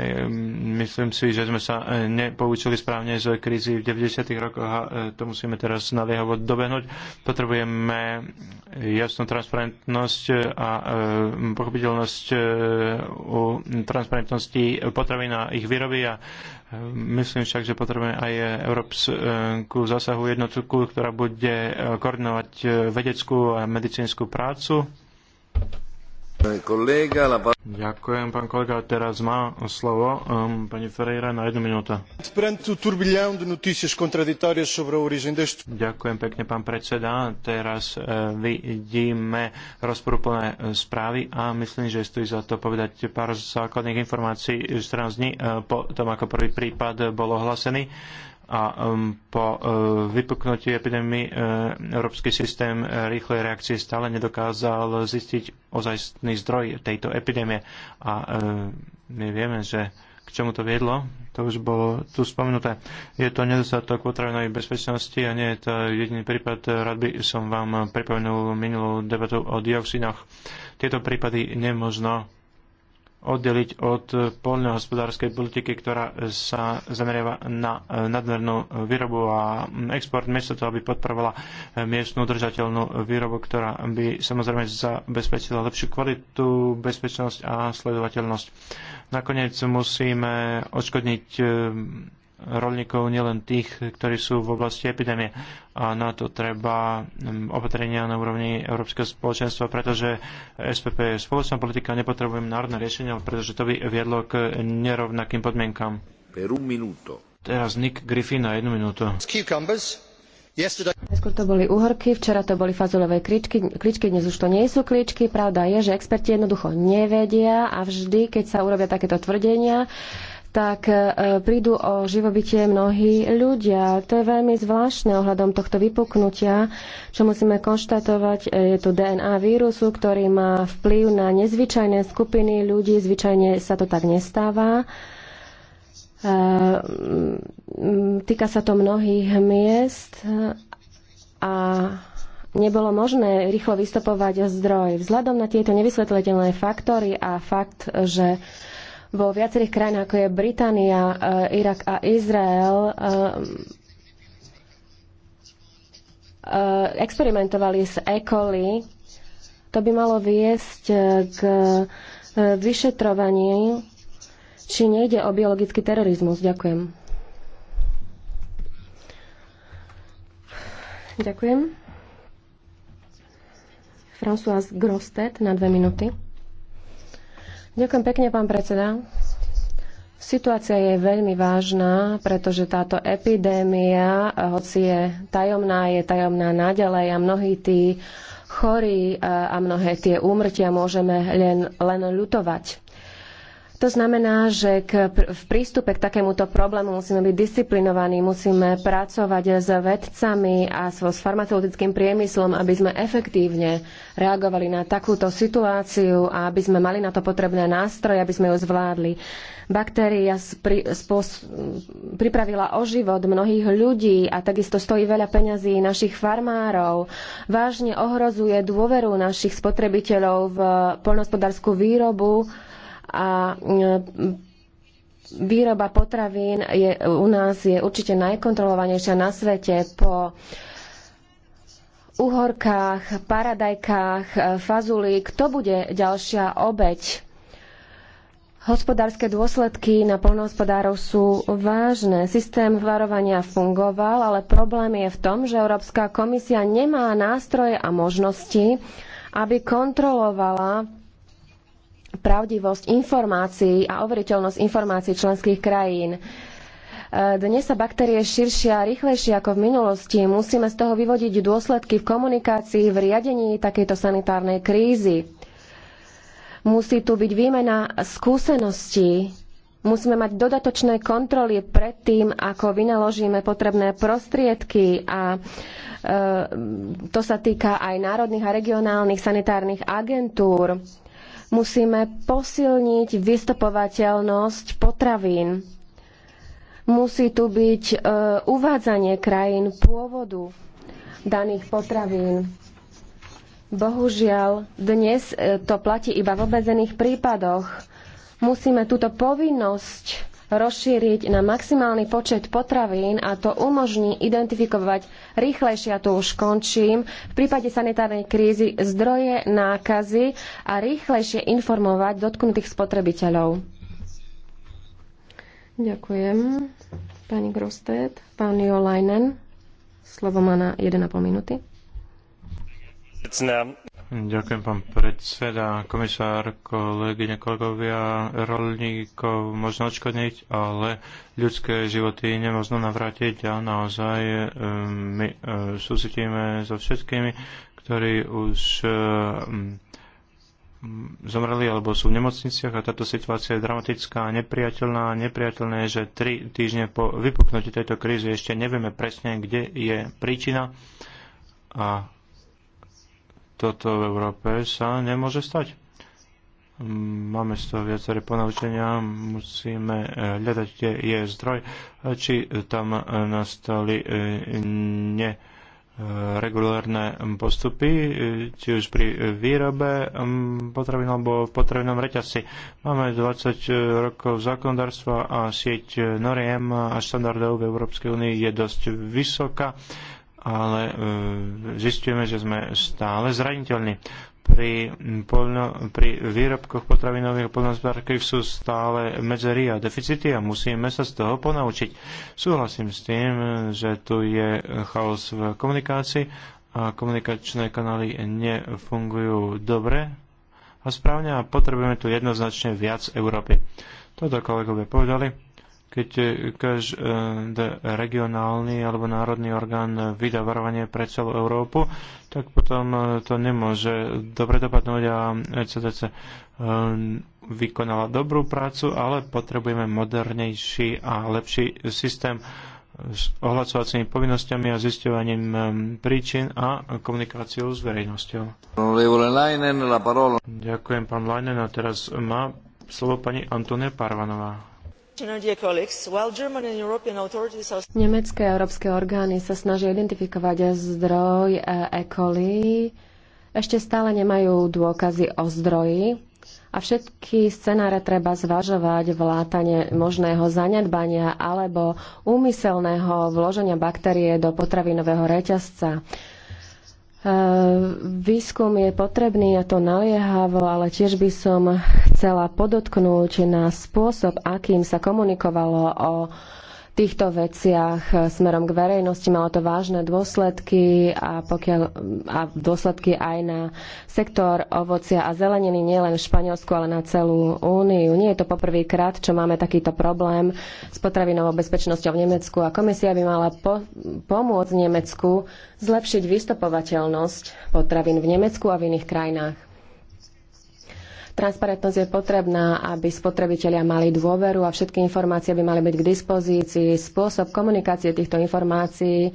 Ehm, myslím si, že sme sa eh, nepoučili správne z krízy v 90. rokoch a eh, to musíme teraz naliehavo dobehnúť. Potrebujeme eh, jasnú transparentnosť a pochopiteľnosť u transparentnosti potravy a ich výroby a Myslím však, že potrebujeme aj európsku zásahu jednotku, ktorá bude koordinovať vedeckú a medicínsku prácu. Ďakujem, pán kolega. Teraz má slovo um, pani Ferreira na jednu minúta. Ďakujem pekne, pán predseda. Teraz uh, vidíme rozprúplné eh, správy a myslím, že stojí za to povedať pár základných informácií 14 dní uh, po tom, ako prvý prípad bol ohlásený a um, po uh, vypuknutí epidémie uh, európsky systém uh, rýchlej reakcie stále nedokázal zistiť ozajstný zdroj tejto epidémie. A uh, my vieme, že k čomu to viedlo, to už bolo tu spomenuté. Je to nedostatok potravinovej bezpečnosti a nie je to jediný prípad. Rád by som vám pripomenul minulú debatu o dioxinoch. Tieto prípady nemožno oddeliť od poľnohospodárskej politiky, ktorá sa zameriava na nadmernú výrobu a export, miesto toho, aby podporovala miestnu udržateľnú výrobu, ktorá by samozrejme zabezpečila lepšiu kvalitu, bezpečnosť a sledovateľnosť. Nakoniec musíme odškodniť rolníkov, nielen tých, ktorí sú v oblasti epidémie. A na to treba mm, opatrenia na úrovni Európskeho spoločenstva, pretože SPP je spoločná politika, nepotrebujem národné riešenia, pretože to by viedlo k nerovnakým podmienkam. minuto. Teraz Nick Griffin na jednu minútu. Najskôr to boli uhorky, včera to boli fazulové kličky, kličky, dnes už to nie sú kličky. Pravda je, že experti jednoducho nevedia a vždy, keď sa urobia takéto tvrdenia, uh, tak e, prídu o živobytie mnohí ľudia. To je veľmi zvláštne ohľadom tohto vypuknutia, čo musíme konštatovať. E, je to DNA vírusu, ktorý má vplyv na nezvyčajné skupiny ľudí. Zvyčajne sa to tak nestáva. E, týka sa to mnohých miest a nebolo možné rýchlo vystopovať zdroj. Vzhľadom na tieto nevysvetliteľné faktory a fakt, že vo viacerých krajinách, ako je Británia, eh, Irak a Izrael, eh, eh, experimentovali s E. coli. To by malo viesť k vyšetrovaní, či nejde o biologický terorizmus. Ďakujem. Ďakujem. François Grostet na dve minuty. Ďakujem pekne, pán predseda. Situácia je veľmi vážna, pretože táto epidémia, hoci je tajomná, je tajomná naďalej a mnohí tí chorí eh, a mnohé tie úmrtia môžeme len, len ľutovať. To znamená, že k, v prístupe k takémuto problému musíme byť disciplinovaní, musíme pracovať s vedcami a so, s farmaceutickým priemyslom, aby sme efektívne reagovali na takúto situáciu a aby sme mali na to potrebné nástroje, aby sme ju zvládli. Baktéria spri, spos, pripravila o život mnohých ľudí a takisto stojí veľa peňazí našich farmárov. Vážne ohrozuje dôveru našich spotrebiteľov v poľnohospodárskú výrobu a e, výroba potravín je, u nás je určite najkontrolovanejšia na svete po uhorkách, paradajkách, e, fazuli. Kto bude ďalšia obeď? Hospodárske dôsledky na poľnohospodárov sú vážne. Systém varovania fungoval, ale problém je v tom, že Európska komisia nemá nástroje a možnosti, aby kontrolovala pravdivosť informácií a overiteľnosť informácií členských krajín. E, dnes sa baktérie širšia a rýchlejšie ako v minulosti. Musíme z toho vyvodiť dôsledky v komunikácii, v riadení takejto sanitárnej krízy. Musí tu byť výmena skúseností. Musíme mať dodatočné kontroly pred tým, ako vynaložíme potrebné prostriedky a e, to sa týka aj národných a regionálnych sanitárnych agentúr Musíme posilniť vystupovateľnosť potravín. Musí tu byť e, uvádzanie krajín pôvodu daných potravín. Bohužiaľ, dnes e, to platí iba v obmedzených prípadoch. Musíme túto povinnosť rozšíriť na maximálny počet potravín a to umožní identifikovať rýchlejšie, a to už končím, v prípade sanitárnej krízy zdroje nákazy a rýchlejšie informovať dotknutých spotrebiteľov. Ďakujem. Pani Grostet, pán Leinen, slovo má na 1,5 minúty. Ďakujem, pán predseda, komisár, kolegyne, kolegovia. Rolníkov možno odškodniť, ale ľudské životy nemožno navrátiť a naozaj e, my e, súcitíme so všetkými, ktorí už e, mm, zomreli alebo sú v nemocniciach a táto situácia je dramatická a nepriateľná. Nepriateľné je, že tri týždne po vypuknutí tejto krízy ešte nevieme presne, kde je príčina a toto v Európe sa nemôže stať. Máme z toho viaceré ponaučenia, musíme eh, hľadať, kde je zdroj, či tam eh, nastali eh, ne regulárne postupy, či už pri výrobe mm, potravín alebo v potravinom reťazci. Máme 20 rokov zákonodárstva a sieť noriem a štandardov v Európskej únii je dosť vysoká ale e, zistujeme, že sme stále zraniteľní. Pri, poľno, pri výrobkoch potravinových a sú stále medzery a deficity a musíme sa z toho ponaučiť. Súhlasím s tým, že tu je chaos v komunikácii a komunikačné kanály nefungujú dobre a správne a potrebujeme tu jednoznačne viac Európy. Toto kolegovia povedali keď e, každý e, regionálny alebo národný orgán vydá varovanie pre celú Európu, tak potom e, to nemôže dobre dopadnúť a ECDC vykonala dobrú prácu, ale potrebujeme modernejší a lepší systém s ohlasovacími povinnosťami a zisťovaním príčin a komunikáciou s verejnosťou. Ďakujem, pán Leinen. A teraz má slovo pani Antonia Parvanová. Nemecké a európske orgány sa snažia identifikovať zdroj e, e. coli. Ešte stále nemajú dôkazy o zdroji a všetky scenáre treba zvažovať vlátanie možného zanedbania alebo úmyselného vloženia baktérie do potravinového reťazca. Eh, výskum je potrebný a to naliehavo, ale tiež by som chcela podotknúť na spôsob, akým sa komunikovalo o týchto veciach eh, smerom k verejnosti. Malo to vážne dôsledky a, pokiaľ, a dôsledky aj na sektor ovocia a zeleniny nielen v Španielsku, ale na celú Úniu. Nie je to poprvýkrát, čo máme takýto problém s potravinovou bezpečnosťou v Nemecku a komisia by mala po, pomôcť Nemecku zlepšiť vystopovateľnosť potravín v Nemecku a v iných krajinách. Transparentnosť je potrebná, aby spotrebitelia mali dôveru a všetky informácie by mali byť k dispozícii. Spôsob komunikácie týchto informácií e,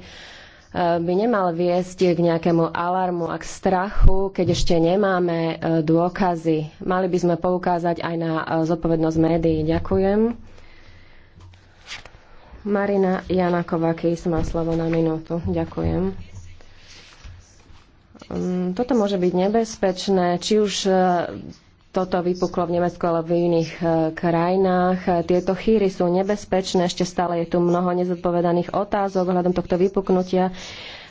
by nemal viesť k nejakému alarmu a k strachu, keď ešte nemáme e, dôkazy. Mali by sme poukázať aj na e, zodpovednosť médií. Ďakujem. Marina Janakovakis má slovo na minútu. Ďakujem. Mm, toto môže byť nebezpečné, či už toto vypuklo v Nemecku, ale v iných e, krajinách. E, tieto chýry sú nebezpečné, ešte stále je tu mnoho nezodpovedaných otázok ohľadom tohto vypuknutia.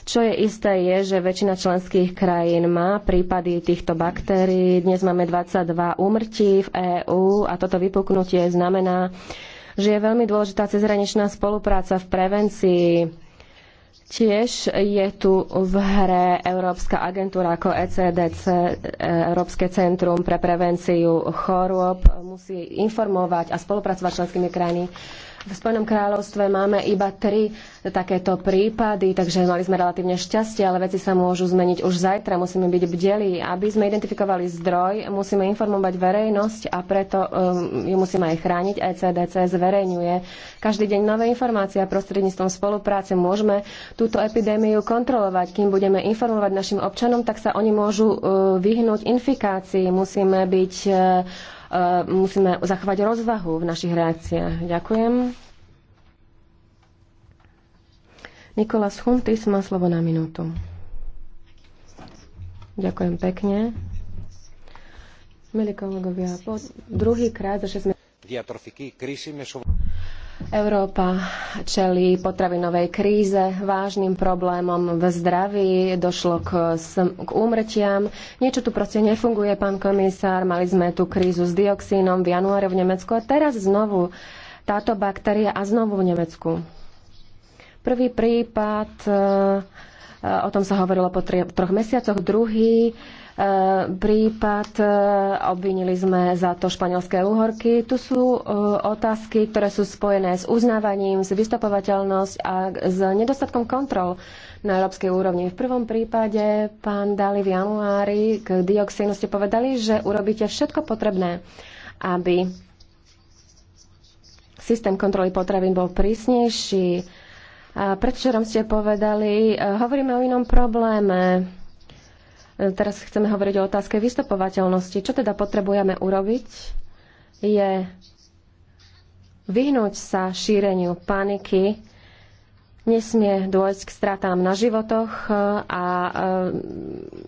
Čo je isté je, že väčšina členských krajín má prípady týchto baktérií. Dnes máme 22 úmrtí v EÚ a toto vypuknutie znamená, že je veľmi dôležitá cezhraničná spolupráca v prevencii Tiež je tu v hre Európska agentúra ako ECDC, e, Európske centrum pre prevenciu chorôb, musí informovať a spolupracovať s členskými krajinami v Spojenom kráľovstve máme iba tri takéto prípady, takže mali sme relatívne šťastie, ale veci sa môžu zmeniť už zajtra. Musíme byť bdelí. Aby sme identifikovali zdroj, musíme informovať verejnosť a preto um, ju musíme aj chrániť. Aj e CDC zverejňuje každý deň nové informácie a prostredníctvom spolupráce môžeme túto epidémiu kontrolovať. Kým budeme informovať našim občanom, tak sa oni môžu uh, vyhnúť infikácii. Musíme byť uh, Eh, musíme zachovať rozvahu v našich reakciách. Ďakujem. Nikolás Chuntis má slovo na minútu. Ďakujem pekne. Milí kolegovia, po druhýkrát za 6 mesiacov Európa čelí potravinovej kríze, vážnym problémom v zdraví, došlo k, k úmrtiam. Niečo tu proste nefunguje, pán komisár. Mali sme tu krízu s dioxínom v januári v Nemecku a teraz znovu táto baktéria a znovu v Nemecku. Prvý prípad, eh, o tom sa hovorilo po troch mesiacoch, druhý prípad. E, obvinili sme za to španielské uhorky. Tu sú e, otázky, ktoré sú spojené s uznávaním, s vystopovateľnosť a s nedostatkom kontrol na európskej úrovni. V prvom prípade, pán Dali v januári k dioxínu ste povedali, že urobíte všetko potrebné, aby systém kontroly potravín bol prísnejší. A predvčerom ste povedali, e, hovoríme o inom probléme. Teraz chceme hovoriť o otázke vystupovateľnosti. Čo teda potrebujeme urobiť, je vyhnúť sa šíreniu paniky, nesmie dôjsť k stratám na životoch a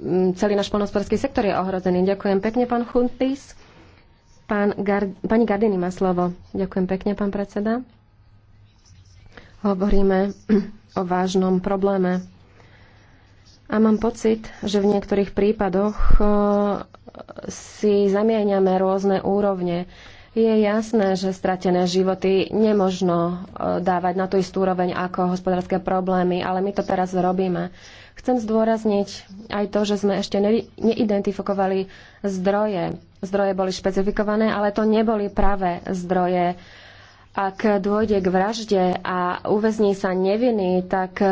mm, celý náš polnospodársky sektor je ohrozený. Ďakujem pekne, pán Chuntis. Pán Gar- pani Gardini má slovo. Ďakujem pekne, pán predseda. Hovoríme o vážnom probléme a mám pocit, že v niektorých prípadoch eh, si zamieňame rôzne úrovne. Je jasné, že stratené životy nemožno eh, dávať na tú istú úroveň ako hospodárske problémy, ale my to teraz robíme. Chcem zdôrazniť aj to, že sme ešte neidentifikovali zdroje. Zdroje boli špecifikované, ale to neboli práve zdroje ak dôjde k vražde a uväzní sa nevinný, tak e,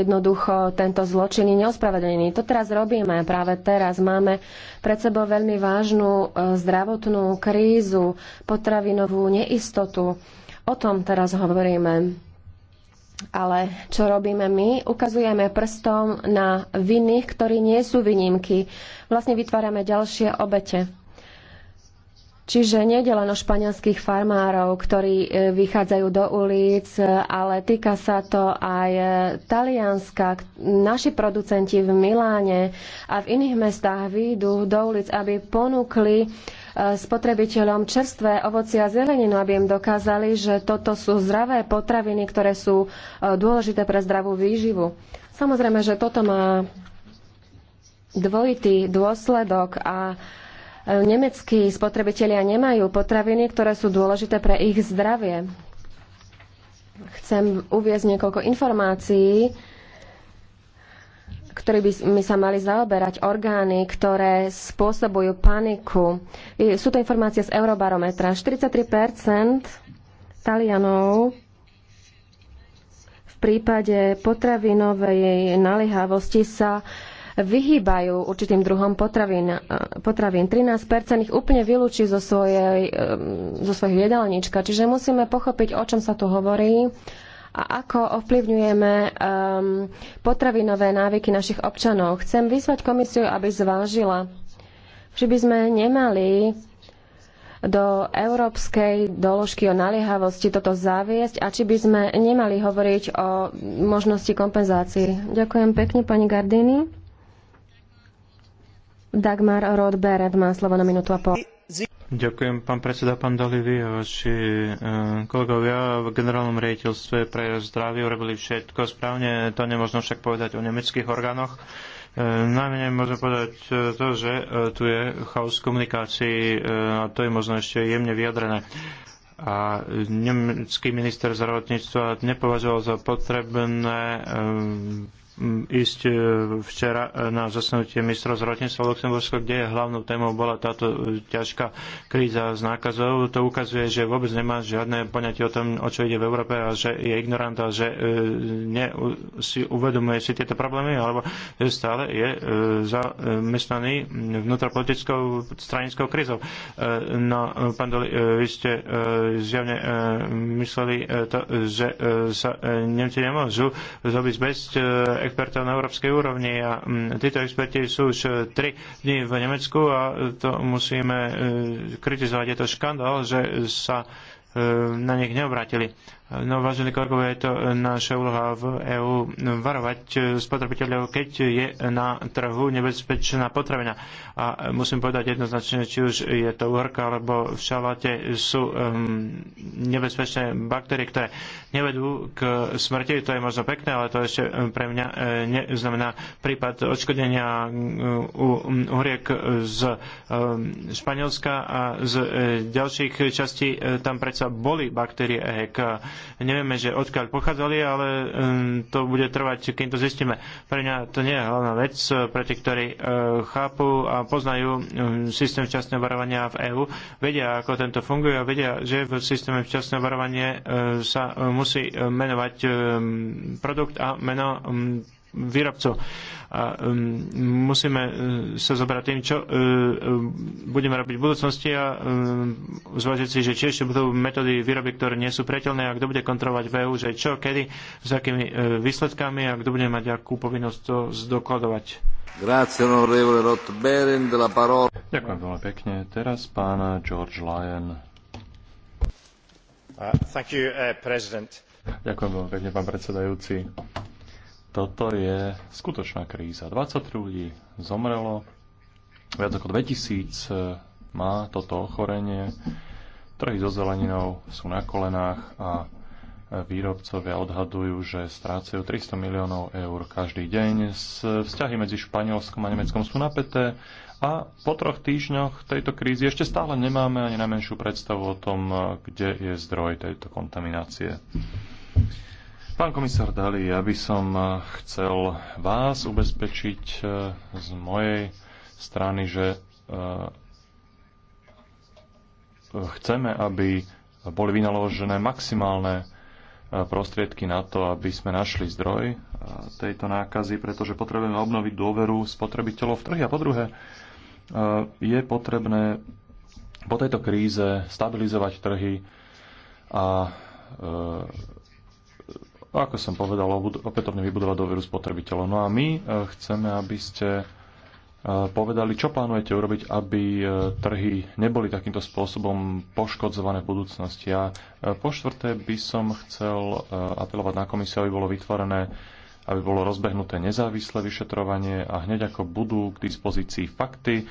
jednoducho tento zločin je neospravedlený. To teraz robíme, práve teraz máme pred sebou veľmi vážnu e, zdravotnú krízu, potravinovú neistotu. O tom teraz hovoríme. Ale čo robíme my? Ukazujeme prstom na vinných, ktorí nie sú výnimky. Vlastne vytvárame ďalšie obete. Čiže nejde len o španielských farmárov, ktorí e, vychádzajú do ulic, e, ale týka sa to aj e, Talianska. Naši producenti v Miláne a v iných mestách výjdu do ulic, aby ponúkli spotrebiteľom čerstvé ovoci a zeleninu, aby im dokázali, že toto sú zdravé potraviny, ktoré sú dôležité pre zdravú výživu. Samozrejme, že toto má dvojitý dôsledok a Nemeckí spotrebitelia nemajú potraviny, ktoré sú dôležité pre ich zdravie. Chcem uviezť niekoľko informácií, ktorý by my sa mali zaoberať orgány, ktoré spôsobujú paniku. Sú to informácie z Eurobarometra. 43% Talianov v prípade potravinovej naliehavosti sa vyhýbajú určitým druhom potravín. potravín. 13% ich úplne vylúči zo, svojej, zo svojich jedálnička. Čiže musíme pochopiť, o čom sa tu hovorí a ako ovplyvňujeme um, potravinové návyky našich občanov. Chcem vyzvať komisiu, aby zvážila, že by sme nemali do európskej doložky o naliehavosti toto zaviesť a či by sme nemali hovoriť o možnosti kompenzácií. Ďakujem pekne, pani Gardini. Dagmar Rodberet má slovo na minútu a pol. Ďakujem, pán predseda, pán Dalivi a vaši e, kolegovia v generálnom rejiteľstve pre zdravie urobili všetko správne. To nemôžno však povedať o nemeckých orgánoch. E, najmenej môžem povedať e, to, že tu je chaos komunikácií a to je možno ešte jemne vyjadrené a nemecký minister zdravotníctva nepovažoval za potrebné ísť e, včera e, na zasnutie ministra zdravotníctva Luxembursko, kde hlavnou témou bola táto e, ťažká kríza s nákazou. To ukazuje, že vôbec nemá žiadne poňatie o tom, o čo ide v Európe a že je ignorant a že ne, si uvedomuje si tieto problémy, alebo stále je zamestnaný vnútropolitickou stranickou krízou. No, pán Doli, vy ste zjavne mysleli to, že sa Nemci nemôžu zobiť bez expertov na európskej úrovni a mm, títo experti sú už e, tri dni v Nemecku a e, to musíme e, kritizovať. Je to škandál, že sa na nich neobratili. No, vážení kolegovia, je to naša úloha v EÚ varovať e, spotrebiteľov, keď je na trhu nebezpečná potravina. A musím povedať jednoznačne, či už je to uhorka, alebo v šalate sú um, nebezpečné baktérie, ktoré nevedú k smrti. To je možno pekné, ale to ešte pre mňa e, neznamená prípad odškodenia e, u uhriek z Španielska a z ďalších častí tam predsa boli baktérie hek nevieme, že odkiaľ pochádzali, ale um, to bude trvať, kým to zistíme. Pre mňa to nie je hlavná vec, uh, pre tých, ktorí uh, chápu a poznajú um, systém včasného varovania v EÚ, vedia, ako tento funguje a vedia, že v systéme včasného varovania uh, sa musí menovať um, produkt a meno výrobcov. A um, musíme uh, sa zobrať tým, čo uh, um, budeme robiť v budúcnosti a um, zvážiť si, že či ešte budú metódy výroby, ktoré nie sú priateľné a kto bude kontrolovať v EU, že čo, kedy, s akými uh, výsledkami a kto bude mať akú povinnosť to zdokladovať. Ďakujem veľmi pekne. Teraz pán George Lyon. Uh, you, uh, Ďakujem veľmi pekne, pán predsedajúci toto je skutočná kríza. 23 ľudí zomrelo, viac ako 2000 e, má toto ochorenie, trhy so zeleninou sú na kolenách a e, výrobcovia odhadujú, že strácajú 300 miliónov eur každý deň. Vzťahy medzi Španielskom a Nemeckom sú napäté a po troch týždňoch tejto krízy ešte stále nemáme ani najmenšiu predstavu o tom, e, kde je zdroj tejto kontaminácie. Pán komisár Dali, ja by som eh, chcel vás ubezpečiť eh, z mojej strany, že eh, chceme, aby boli vynaložené maximálne prostriedky na to, aby sme našli zdroj tejto nákazy, pretože potrebujeme obnoviť dôveru spotrebiteľov v trhy. A po druhé, je potrebné po tejto kríze stabilizovať trhy a ako som povedal, opätovne vybudovať dôveru spotrebiteľov. No a my e, chceme, aby ste e, povedali, čo plánujete urobiť, aby e, trhy neboli takýmto spôsobom poškodzované v budúcnosti. A po štvrté by som chcel apelovať na komisiu, aby bolo vytvorené aby bolo rozbehnuté nezávislé vyšetrovanie a hneď ako budú k dispozícii fakty,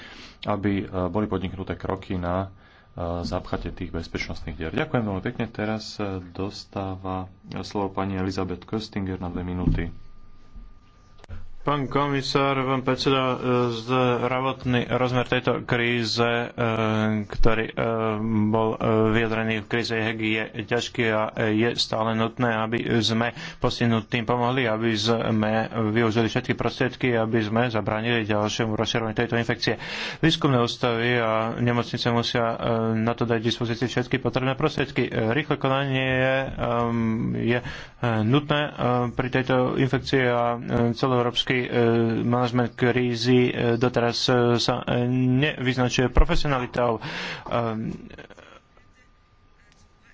aby boli podniknuté kroky na Eh, zapchate tých bezpečnostných dier. Ďakujem veľmi pekne. Teraz eh, dostáva slovo pani Elizabeth Köstinger na dve minúty. Pán komisár, pán predseda, e, zdravotný rozmer tejto kríze, e, ktorý e, bol vyjadrený v kríze hegyi je ťažký a je stále nutné, aby sme postihnutým pomohli, aby sme využili všetky prostriedky, aby sme zabránili ďalšiemu rozširovaniu tejto infekcie. Výskumné ústavy a nemocnice musia na to dať dispozícii všetky potrebné prostriedky. Rýchle konanie je, je nutné pri tejto infekcii a celoeurópsky európsky e, manažment krízy e, doteraz e, sa nevyznačuje profesionalitou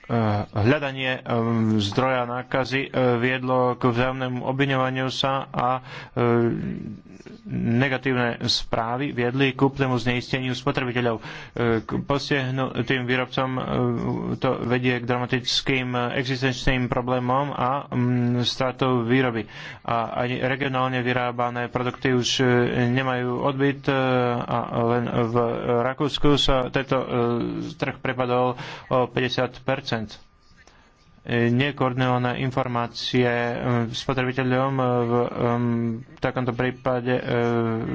Eh, hľadanie eh, zdroja nákazy eh, viedlo k vzájomnému obviňovaniu sa a negatívne správy viedli k úplnému zneisteniu spotrebiteľov. K postihnutým výrobcom to vedie k dramatickým existenčným problémom a mm, stratou výroby. A ani regionálne vyrábané produkty už nemajú odbyt a len v Rakúsku sa tento trh prepadol o 50 E, nekoordinované informácie e, spotrebiteľom e, v takomto prípade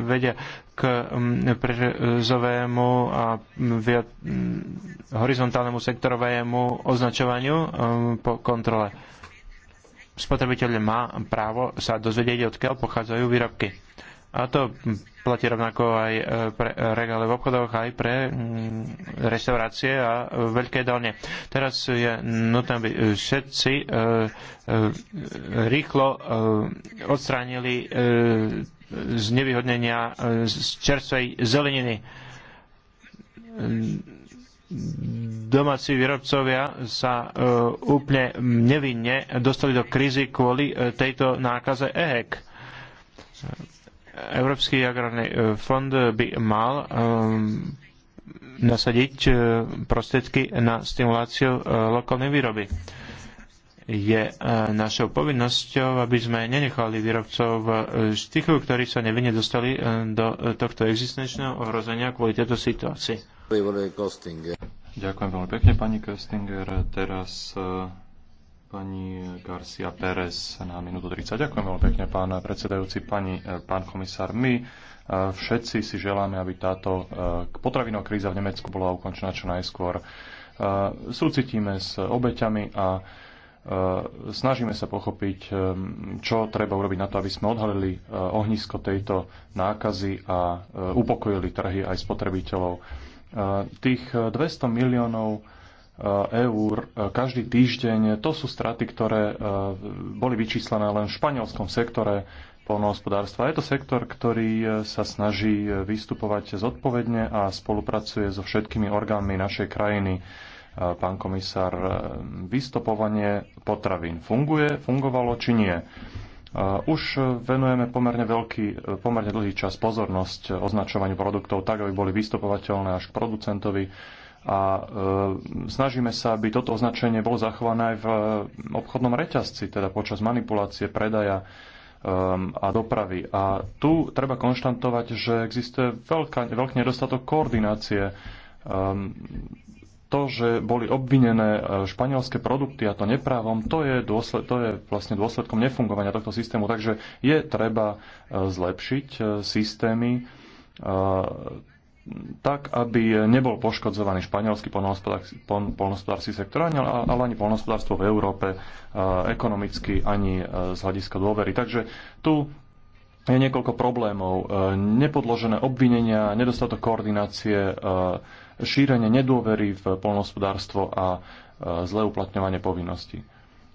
vedia k prezovému a mm, horizontálnemu sektorovému označovaniu po kontrole. Spotrebiteľ má právo sa dozvedieť, odkiaľ pochádzajú výrobky. A to platí rovnako aj e, pre e, regále v obchodoch, aj pre mm, reštaurácie a veľké dolne. Teraz je nutné, aby všetci e, rýchlo odstránili z nevyhodnenia z čerstvej zeleniny domáci výrobcovia sa úplne nevinne dostali do krízy kvôli tejto nákaze EHEC. Európsky agrárny e, fond by mal e, nasadiť e, prostriedky na stimuláciu lokálnej výroby. Je našou povinnosťou, aby sme nenechali výrobcov v štychu, ktorí sa nevinne dostali do tohto existenčného ohrozenia kvôli tejto situácii. Ďakujem veľmi pekne, pani Köstinger. Teraz Pani Garcia Pérez na minútu 30. Ďakujem veľmi pekne, pán predsedajúci, pani, eh, pán komisár. My eh, všetci si želáme, aby táto eh, potravinová kríza v Nemecku bola ukončená čo najskôr. Súcitíme s obeťami a snažíme sa pochopiť, čo treba urobiť na to, aby sme odhalili ohnisko tejto nákazy a upokojili trhy aj spotrebiteľov. Tých 200 miliónov Eh, eur eh, každý týždeň. To sú straty, ktoré eh, boli vyčíslené len v španielskom sektore polnohospodárstva. Je to sektor, ktorý sa snaží vystupovať zodpovedne a spolupracuje so všetkými orgánmi našej krajiny. Pán komisár, vystopovanie potravín funguje, fungovalo či nie? Už venujeme pomerne, veľký, pomerne dlhý čas pozornosť označovaniu produktov tak, aby boli vystupovateľné až k producentovi a e, snažíme sa, aby toto označenie bolo zachované aj v e, obchodnom reťazci, teda počas manipulácie predaja e, a dopravy. A tu treba konštantovať, že existuje veľká, veľký nedostatok koordinácie. To, že boli obvinené španielské produkty a to neprávom, to je, dôsled, to je vlastne dôsledkom nefungovania tohto systému. Takže je treba zlepšiť systémy tak, aby nebol poškodzovaný španielský polnospodársky sektor, ale ani polnospodárstvo v Európe e, ekonomicky, ani e, z hľadiska dôvery. Takže tu je niekoľko problémov. E, nepodložené obvinenia, nedostatok koordinácie, šírenie nedôvery v polnospodárstvo a zlé uplatňovanie povinností.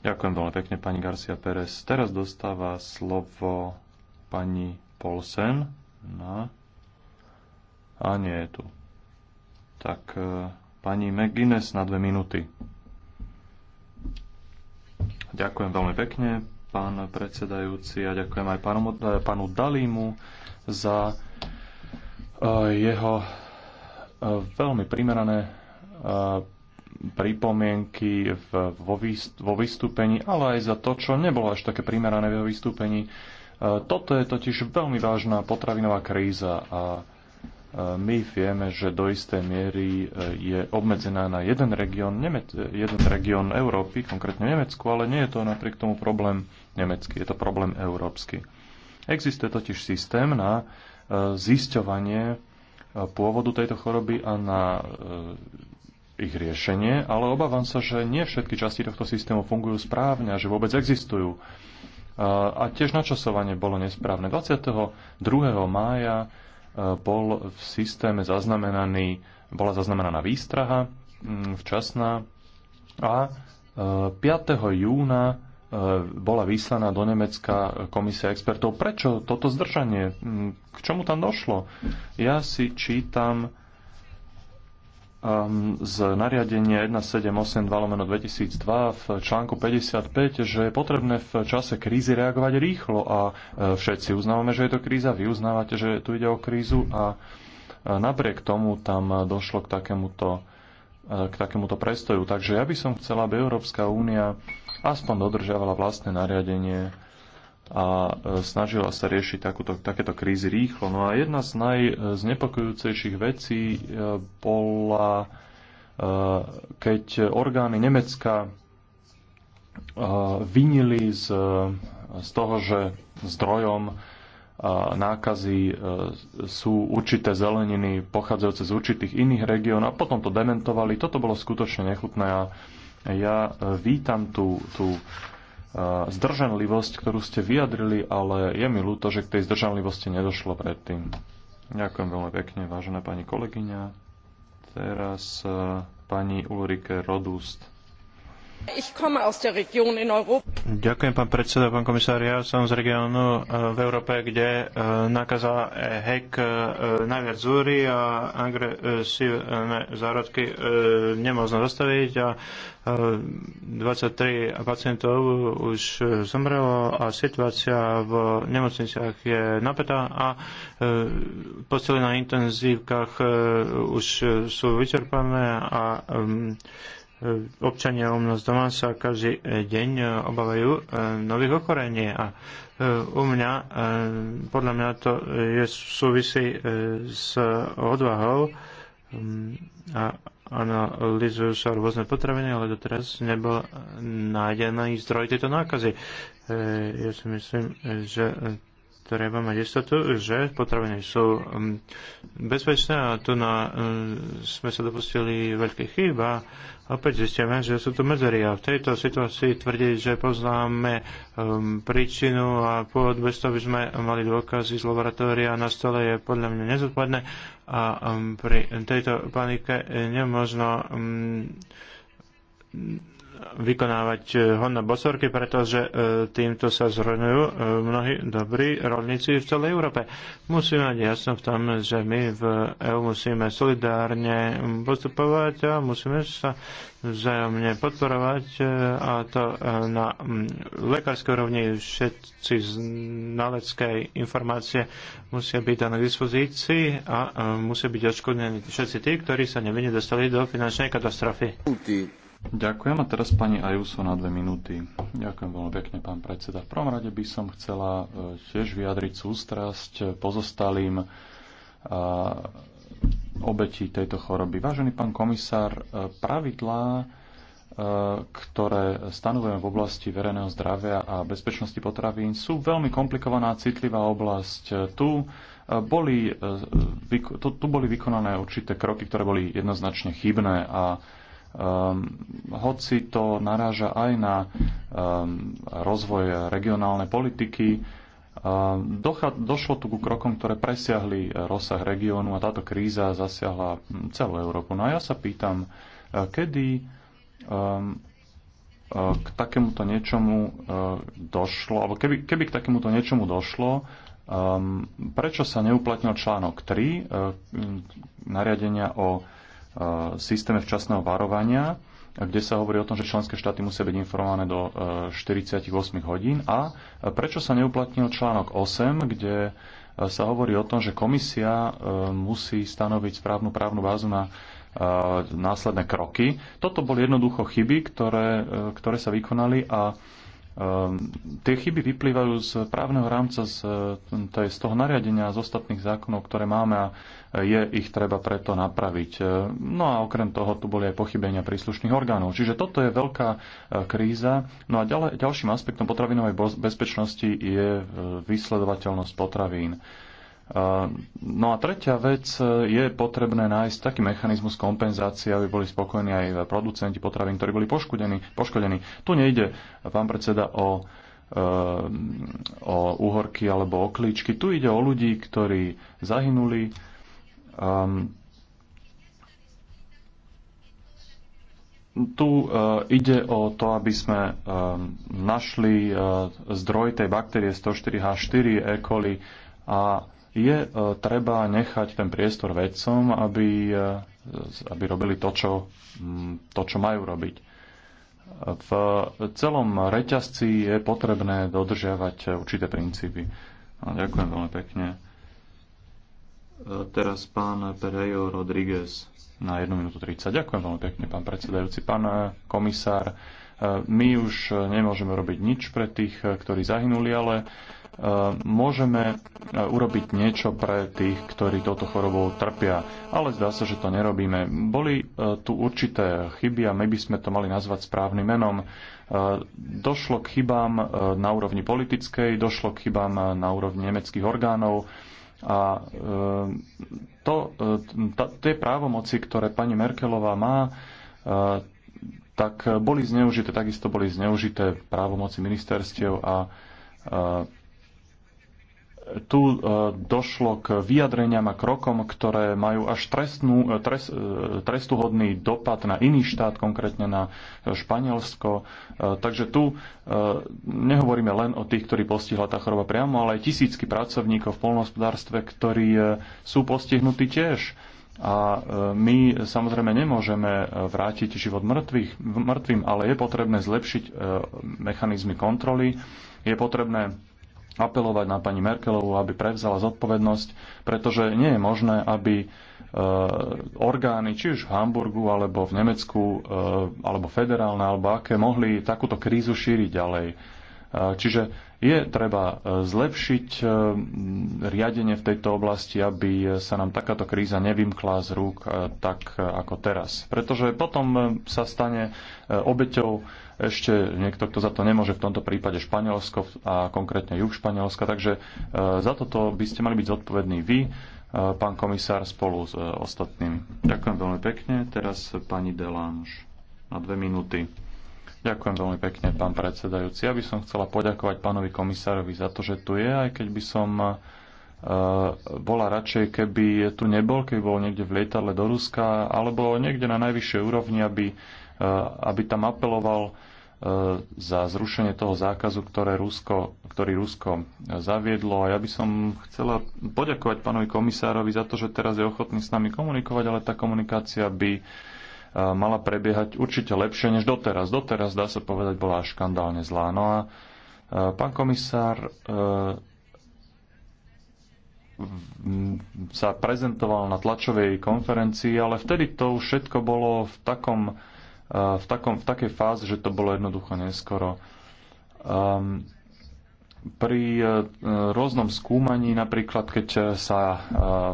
Ďakujem veľmi pekne, pani Garcia Pérez. Teraz dostáva slovo pani Polsen na a nie je tu. Tak e, pani McGuinness na dve minúty. Ďakujem veľmi pekne, pán predsedajúci, a ďakujem aj pánu, e, pánu Dalímu za e, jeho veľmi primerané pripomienky vo vystúpení, ale aj za to, čo nebolo až také primerané v jeho vystúpení. Toto je totiž veľmi vážna potravinová kríza a my vieme, že do istej miery e, je obmedzená na jeden región, jeden región Európy, konkrétne Nemecku, ale nie je to napriek tomu problém nemecký, je to problém európsky. Existuje totiž systém na e, zisťovanie e, pôvodu tejto choroby a na ich riešenie, ale obávam sa, že nie všetky časti tohto systému fungujú správne a že vôbec existujú. A tiež načasovanie bolo nesprávne. 22. mája bol v systéme zaznamenaný, bola zaznamenaná výstraha mm, včasná a 5. E, júna e, bola vyslaná do Nemecka komisia expertov. Prečo toto zdržanie? Mm, k čomu tam došlo? Ja si čítam z nariadenia 1782 lomeno 2002 v článku 55, že je potrebné v čase krízy reagovať rýchlo a e, všetci uznávame, že je to kríza, vy uznávate, že tu ide o krízu a e, napriek tomu tam došlo k takémuto, e, k takémuto prestoju. Takže ja by som chcela, aby Európska únia aspoň dodržiavala vlastné nariadenie a e, snažila sa riešiť takúto, takéto krízy rýchlo. No a jedna z najznepokojúcejších vecí e, bola, e, keď orgány Nemecka vinili z, z toho, že zdrojom nákazy sú určité zeleniny pochádzajúce z určitých iných región a potom to dementovali. Toto bolo skutočne nechutné a ja vítam tú, tú zdržanlivosť, ktorú ste vyjadrili, ale je mi ľúto, že k tej zdržanlivosti nedošlo predtým. Ďakujem veľmi pekne, vážená pani kolegyňa. Teraz e, pani Ulrike Rodust. Ďakujem, pán predseda, pán komisár. Ja som z regiónu eh, v Európe, kde eh, nakaza eh, hek najviac zúri a agresívne zárodky nemôžno zastaviť a 23 pacientov už zomrelo a situácia v nemocniciach je napätá a posteli na intenzívkach už sú vyčerpané a E, občania u nás doma sa každý e, deň e, obávajú nových ochorení a u mňa, podľa mňa to je súvisí s odvahou mm, a analýzujú sa rôzne potraviny, ale doteraz nebol nájdený zdroj tejto nákazy. Ja si myslím, že treba mať istotu, že potraviny sú mm, bezpečné a tu na, mm, sme sa dopustili veľké chýba. a opäť zistíme, že sú tu medzery a v tejto situácii tvrdí, že poznáme um, príčinu a pôvod bez toho by sme mali dôkazy z laboratória na stole je podľa mňa nezodpovedné a um, pri tejto panike nemôžno um, vykonávať e, hon na bosorky, pretože e, týmto sa zhrnujú e, mnohí dobrí rolníci v celej Európe. Musíme mať jasno v tom, že my v EU musíme solidárne postupovať a musíme sa vzájomne podporovať a to na lekárskej úrovni všetci znalecké informácie musia byť na dispozícii a musia byť odškodnení všetci tí, ktorí sa nevinne dostali do finančnej katastrofy. Ďakujem a teraz pani Ajuso na dve minúty. Ďakujem veľmi pekne, pán predseda. V prvom rade by som chcela e, tiež vyjadriť sústrasť pozostalým e, obetí tejto choroby. Vážený pán komisár, e, pravidlá, ktoré stanovujeme v oblasti verejného zdravia a bezpečnosti potravín, sú veľmi komplikovaná a citlivá oblasť. Tu boli, tu boli vykonané určité kroky, ktoré boli jednoznačne chybné a Um, hoci to naráža aj na um, rozvoj regionálnej politiky, um, docha, došlo tu ku krokom, ktoré presiahli rozsah regiónu a táto kríza zasiahla hm, celú Európu. No a ja sa pýtam, e, kedy um, k takémuto niečomu uh, došlo, alebo keby, keby k takémuto niečomu došlo, um, prečo sa neuplatnil článok 3 uh, nariadenia o Eh, systéme včasného varovania, kde sa hovorí o tom, že členské štáty musia byť informované do 48 eh, hodín. A prečo sa neuplatnil článok 8, kde eh, sa hovorí o tom, že komisia musí stanoviť správnu právnu bázu na následné kroky. Toto boli jednoducho chyby, ktoré, ktoré sa vykonali a Ehm, tie chyby vyplývajú z právneho rámca, z, eh, to je z toho nariadenia a z ostatných zákonov, ktoré máme a je ich treba preto napraviť. Eh, no a okrem toho tu boli aj pochybenia príslušných orgánov. Čiže toto je veľká eh, kríza. No a ďalej, ďalším aspektom potravinovej bezpečnosti je vysledovateľnosť potravín. No a tretia vec, e, je potrebné nájsť taký mechanizmus kompenzácie, aby boli spokojní aj producenti potravín, ktorí boli poškodení. poškodení. Tu nejde, pán predseda, o, e, o úhorky alebo klíčky, Tu ide o ľudí, ktorí zahynuli. Um, tu uh, ide o to, aby sme um, našli uh, zdroj tej baktérie 104H4 E. coli a je e, treba nechať ten priestor vedcom, aby, e, aby robili to čo, to, čo majú robiť. V celom reťazci je potrebné dodržiavať určité princípy. Ďakujem veľmi pekne. E, teraz pán Perejo Rodriguez na 1 minútu 30. Ďakujem veľmi pekne, pán predsedajúci. Pán komisár, my už nemôžeme robiť nič pre tých, ktorí zahynuli, ale Eh, môžeme eh, urobiť niečo pre tých, ktorí touto chorobou trpia. Ale zdá sa, že to nerobíme. Boli eh, tu určité chyby a my by sme to mali nazvať správnym menom. Došlo k chybám na úrovni politickej, došlo k chybám na úrovni nemeckých orgánov a to, tie právomoci, ktoré pani Merkelová má, tak boli zneužité, takisto boli zneužité právomoci ministerstiev a tu e, došlo k vyjadreniam a krokom, ktoré majú až trestnú, e, trest, e, trestuhodný dopad na iný štát, konkrétne na Španielsko. Takže tu nehovoríme len o tých, ktorí postihla tá choroba priamo, ale aj tisícky pracovníkov v polnohospodárstve, ktorí sú postihnutí tiež. A my samozrejme nemôžeme vrátiť život mŕtvych, mŕtvým, ale je potrebné zlepšiť mechanizmy kontroly, je potrebné apelovať na pani Merkelovú, aby prevzala zodpovednosť, pretože nie je možné, aby e, orgány, či už v Hamburgu, alebo v Nemecku, e, alebo federálne, alebo aké, mohli takúto krízu šíriť ďalej. E, čiže je treba zlepšiť riadenie v tejto oblasti, aby sa nám takáto kríza nevymkla z rúk tak ako teraz. Pretože potom sa stane obeťou ešte niekto, kto za to nemôže, v tomto prípade Španielsko a konkrétne juh Španielska. Takže e, za toto by ste mali byť zodpovední vy, e, pán komisár, spolu s e, ostatnými. Ďakujem veľmi pekne. Teraz pani Delange na dve minúty. Ďakujem veľmi pekne, pán predsedajúci. Ja by som chcela poďakovať pánovi komisárovi za to, že tu je, aj keď by som bola radšej, keby tu nebol, keby bol niekde v lietadle do Ruska, alebo niekde na najvyššej úrovni, aby, aby tam apeloval E, za zrušenie toho zákazu, ktoré Rusko, ktorý Rusko zaviedlo. A ja by som chcela poďakovať pánovi komisárovi za to, že teraz je ochotný s nami komunikovať, ale tá komunikácia by e, mala prebiehať určite lepšie než doteraz. Doteraz, dá sa povedať, bola až škandálne zlá. No a e, pán komisár sa prezentoval na tlačovej konferencii, ale vtedy to všetko bolo v takom v, takom, v takej fáze, že to bolo jednoducho neskoro. Um, pri e, rôznom skúmaní, napríklad keď sa e,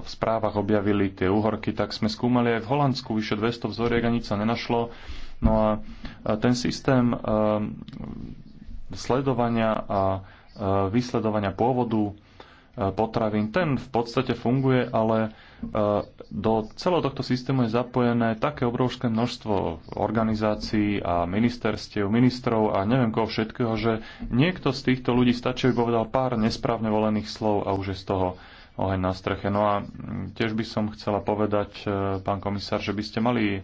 v správach objavili tie úhorky, tak sme skúmali aj v Holandsku vyše 200 vzoriek a nič sa nenašlo. No a e, ten systém ehm, sledovania a vysledovania pôvodu E, potravín. Ten v podstate funguje, ale e, do celého tohto systému je zapojené také obrovské množstvo organizácií a ministerstiev, ministrov a neviem koho všetkého, že niekto z týchto ľudí stačí, by povedal pár nesprávne volených slov a už je z toho oheň na streche. No a tiež by som chcela povedať, e, pán komisár, že by ste mali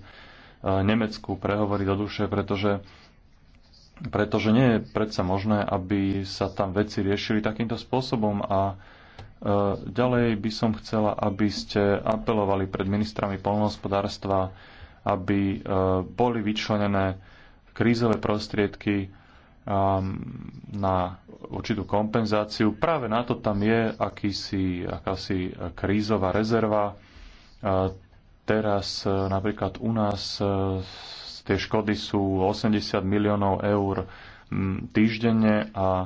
Nemecku prehovoriť do duše, pretože pretože nie je predsa možné, aby sa tam veci riešili takýmto spôsobom a Eh, ďalej by som chcela, aby ste apelovali pred ministrami polnohospodárstva, aby eh, boli vyčlenené krízové prostriedky ehm, na určitú kompenzáciu. Práve na to tam je akýsi, akási krízová rezerva. Eh, teraz napríklad u nás tie škody sú 80 miliónov eur hm, týždenne a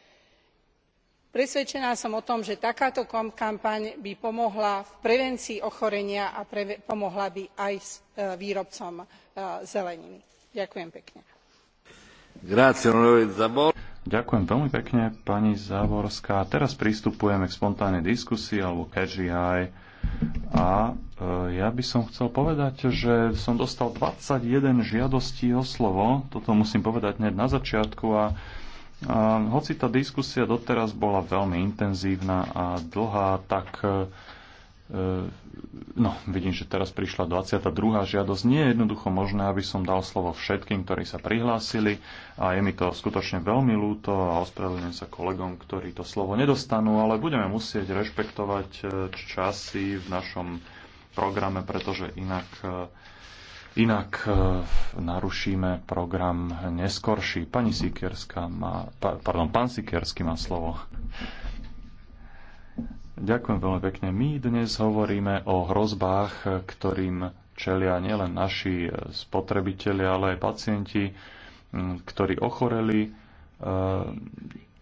presvedčená som o tom že takáto kampaň by pomohla v prevencii ochorenia a pomohla by aj e, výrobcom e, zeleniny. ďakujem pekne. Ďakujem veľmi pekne, pani Záborská. Teraz pristupujeme k spontánnej diskusii alebo catch the A e, ja by som chcel povedať, že som dostal 21 žiadostí o slovo. Toto musím povedať hneď na začiatku a Ehm, hoci tá diskusia doteraz bola veľmi intenzívna a dlhá, tak e, e, no, vidím, že teraz prišla 22. žiadosť. Nie je jednoducho možné, aby som dal slovo všetkým, ktorí sa prihlásili a je mi to skutočne veľmi ľúto a ospravedlňujem sa kolegom, ktorí to slovo nedostanú, ale budeme musieť rešpektovať e, časy v našom programe, pretože inak Inak e, narušíme program neskorší. Pani Sikerska má, pardon, pán Sikersky má slovo. Ďakujem veľmi pekne. My dnes hovoríme o hrozbách, ktorým čelia nielen naši e, spotrebitelia, ale aj pacienti, ktorí ochoreli e,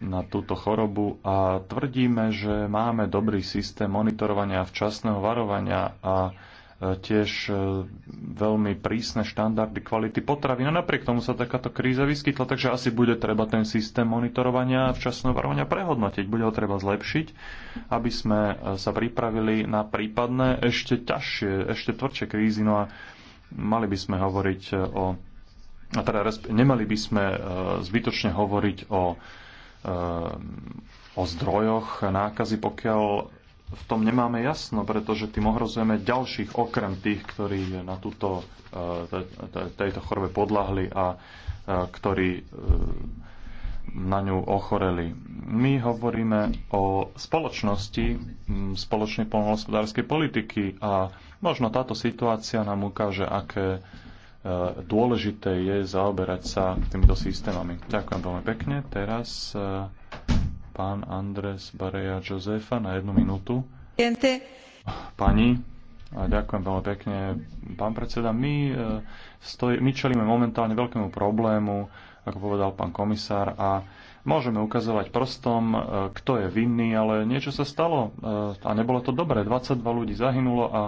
na túto chorobu a tvrdíme, že máme dobrý systém monitorovania včasného varovania a tiež e, veľmi prísne štandardy kvality potravy. No napriek tomu sa takáto kríza vyskytla, takže asi bude treba ten systém monitorovania a včasného varovania prehodnotiť. Bude ho treba zlepšiť, aby sme e, sa pripravili na prípadné ešte ťažšie, ešte tvrdšie krízy. No a mali by sme hovoriť e, o a teda nemali by sme zbytočne hovoriť o, o zdrojoch nákazy, pokiaľ v tom nemáme jasno, pretože tým ohrozujeme ďalších okrem tých, ktorí na túto, eh, tejto chorobe podľahli a eh, ktorí eh, na ňu ochoreli. My hovoríme o spoločnosti, hm, spoločnej polnohospodárskej politiky a možno táto situácia nám ukáže, aké dôležité je zaoberať sa týmito systémami. Ďakujem veľmi pekne. Teraz pán Andres Bareja Josefa na jednu minútu. Pani, a ďakujem veľmi pekne. Pán predseda, my, e, stoj, my čelíme momentálne veľkému problému, ako povedal pán komisár, a môžeme ukazovať prstom, e, kto je vinný, ale niečo sa stalo e, a nebolo to dobré. 22 ľudí zahynulo a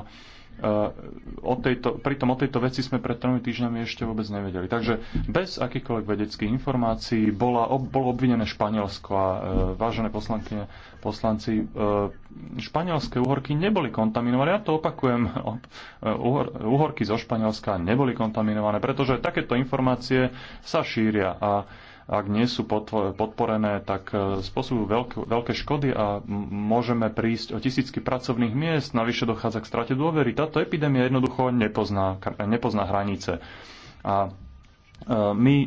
o tejto, pritom o tejto veci sme pred tromi týždňami ešte vôbec nevedeli. Takže bez akýchkoľvek vedeckých informácií bola, ob, bolo obvinené Španielsko a e, vážené poslankyne, poslanci, e, španielské uhorky neboli kontaminované. Ja to opakujem, e, uhor, uhorky zo Španielska neboli kontaminované, pretože takéto informácie sa šíria a ak nie sú podporené, tak e, spôsobujú veľké, veľké škody a môžeme prísť o tisícky pracovných miest, navyše dochádza k strate dôvery. Táto epidémia jednoducho nepozná, nepozná hranice. A e, my e,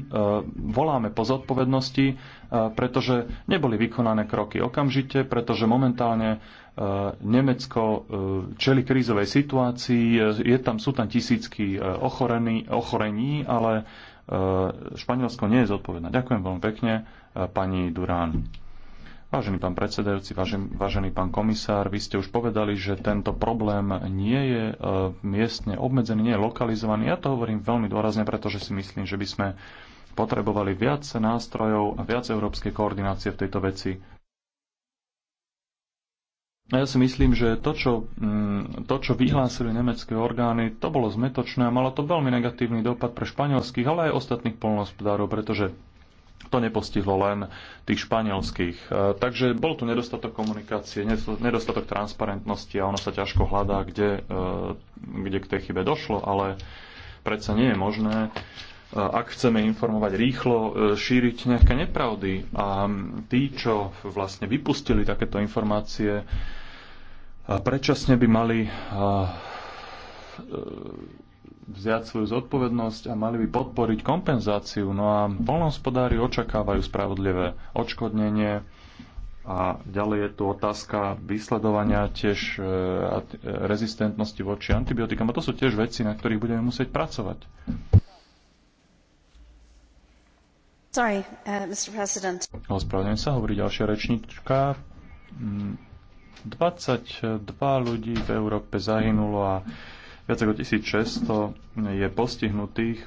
voláme po zodpovednosti, pretože neboli vykonané kroky okamžite, pretože momentálne Nemecko čeli krízovej situácii, je tam, sú tam tisícky ochorení, ochorení ale E, Španielsko nie je zodpovedná. Ďakujem veľmi pekne, e, pani Durán. Vážený pán predsedajúci, vážený, vážený pán komisár, vy ste už povedali, že tento problém nie je e, miestne obmedzený, nie je lokalizovaný. Ja to hovorím veľmi dôrazne, pretože si myslím, že by sme potrebovali viac nástrojov a viac európskej koordinácie v tejto veci. A ja si myslím, že to čo, mm, to, čo vyhlásili nemecké orgány, to bolo zmetočné a malo to veľmi negatívny dopad pre španielských, ale aj ostatných polnohospodárov, pretože to nepostihlo len tých španielských. Takže bol tu nedostatok komunikácie, nedostatok transparentnosti a ono sa ťažko hľadá, kde, e, kde k tej chybe došlo, ale predsa nie je možné ak chceme informovať rýchlo, e, šíriť nejaké nepravdy. A tí, čo vlastne vypustili takéto informácie, predčasne by mali e, vziať svoju zodpovednosť a mali by podporiť kompenzáciu. No a voľnohospodári očakávajú spravodlivé odškodnenie a ďalej je tu otázka vysledovania tiež e, rezistentnosti voči antibiotikám. A to sú tiež veci, na ktorých budeme musieť pracovať. Sorry, uh, Mr. President. Ospravedlňujem sa, hovorí ďalšia rečnička. 22 mm, ľudí v Európe zahynulo a viac ako 1600 je postihnutých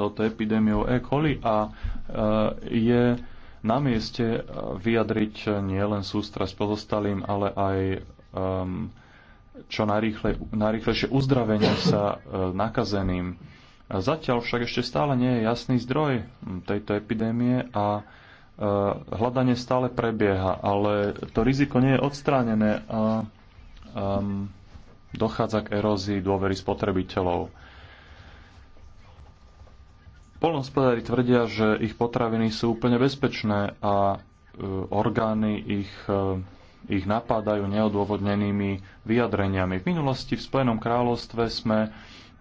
touto epidémiou E. coli a e, je na mieste e, vyjadriť nielen sústrasť pozostalým, ale aj um, čo najrýchlejšie uzdravenie sa e, nakazeným Zatiaľ však ešte stále nie je jasný zdroj tejto epidémie a e, hľadanie stále prebieha, ale to riziko nie je odstránené a um, dochádza k erózii dôvery spotrebiteľov. Polnospodári tvrdia, že ich potraviny sú úplne bezpečné a e, orgány ich, e, ich napádajú neodôvodnenými vyjadreniami. V minulosti v Spojenom kráľovstve sme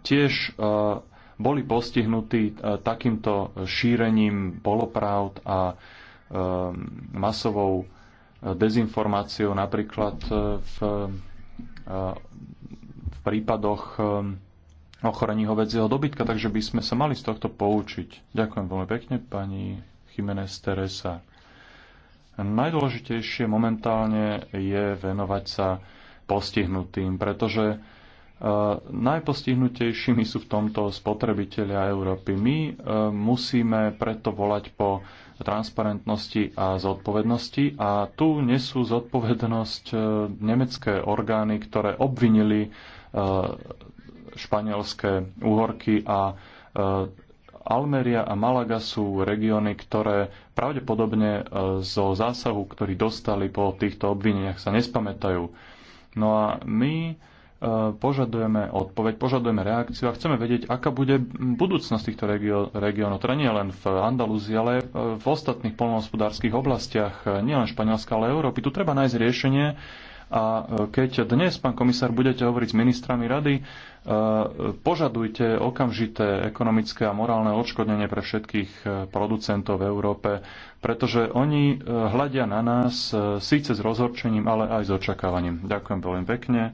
tiež uh, boli postihnutí e, takýmto šírením polopravd a e, masovou e, dezinformáciou napríklad v, v prípadoch ochorení hovedzieho dobytka, takže by sme sa mali z tohto poučiť. Ďakujem veľmi pekne, pani Jiménez Teresa. Najdôležitejšie momentálne je venovať sa postihnutým, pretože Najpostihnutejšími sú v tomto spotrebitelia Európy. My e, musíme preto volať po transparentnosti a zodpovednosti a tu nesú zodpovednosť e, nemecké orgány, ktoré obvinili e, španielské úhorky a Almeria a Malaga sú regióny, ktoré pravdepodobne zo zásahu, ktorý dostali po týchto obvineniach, sa nespamätajú. No a my Eh, požadujeme odpoveď, požadujeme reakciu a chceme vedieť, aká bude budúcnosť týchto regiónov. Teda nie len v Andalúzii, ale eh, v ostatných polnohospodárských oblastiach, eh, nielen Španielska, ale Európy. Tu treba nájsť riešenie a keď dnes, pán komisár, budete hovoriť s ministrami rady, požadujte okamžité ekonomické a morálne odškodnenie pre všetkých producentov v Európe, pretože oni hľadia na nás síce s rozhorčením, ale aj s očakávaním. Ďakujem veľmi pekne.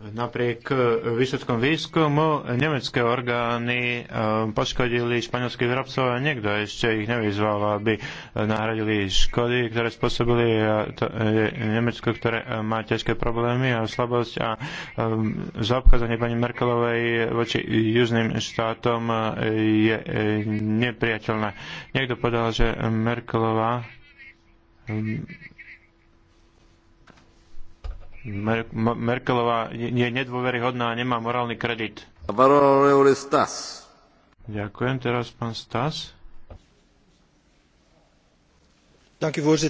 Napriek výsledkom výskumu nemecké orgány eh, poškodili španielských výrobcov a niekto ešte ich nevyzval, aby nahradili škody, ktoré spôsobili Nemecko, ktoré má ťažké problémy a slabosť a eh, zaobchádzanie pani Merkelovej voči južným štátom eh, je nepriateľné. Niekto povedal, že Merkelová Mer- M- Merkelová je nedôveryhodná a nemá morálny kredit. Ďakujem. Teraz pán Stas. Ďakujem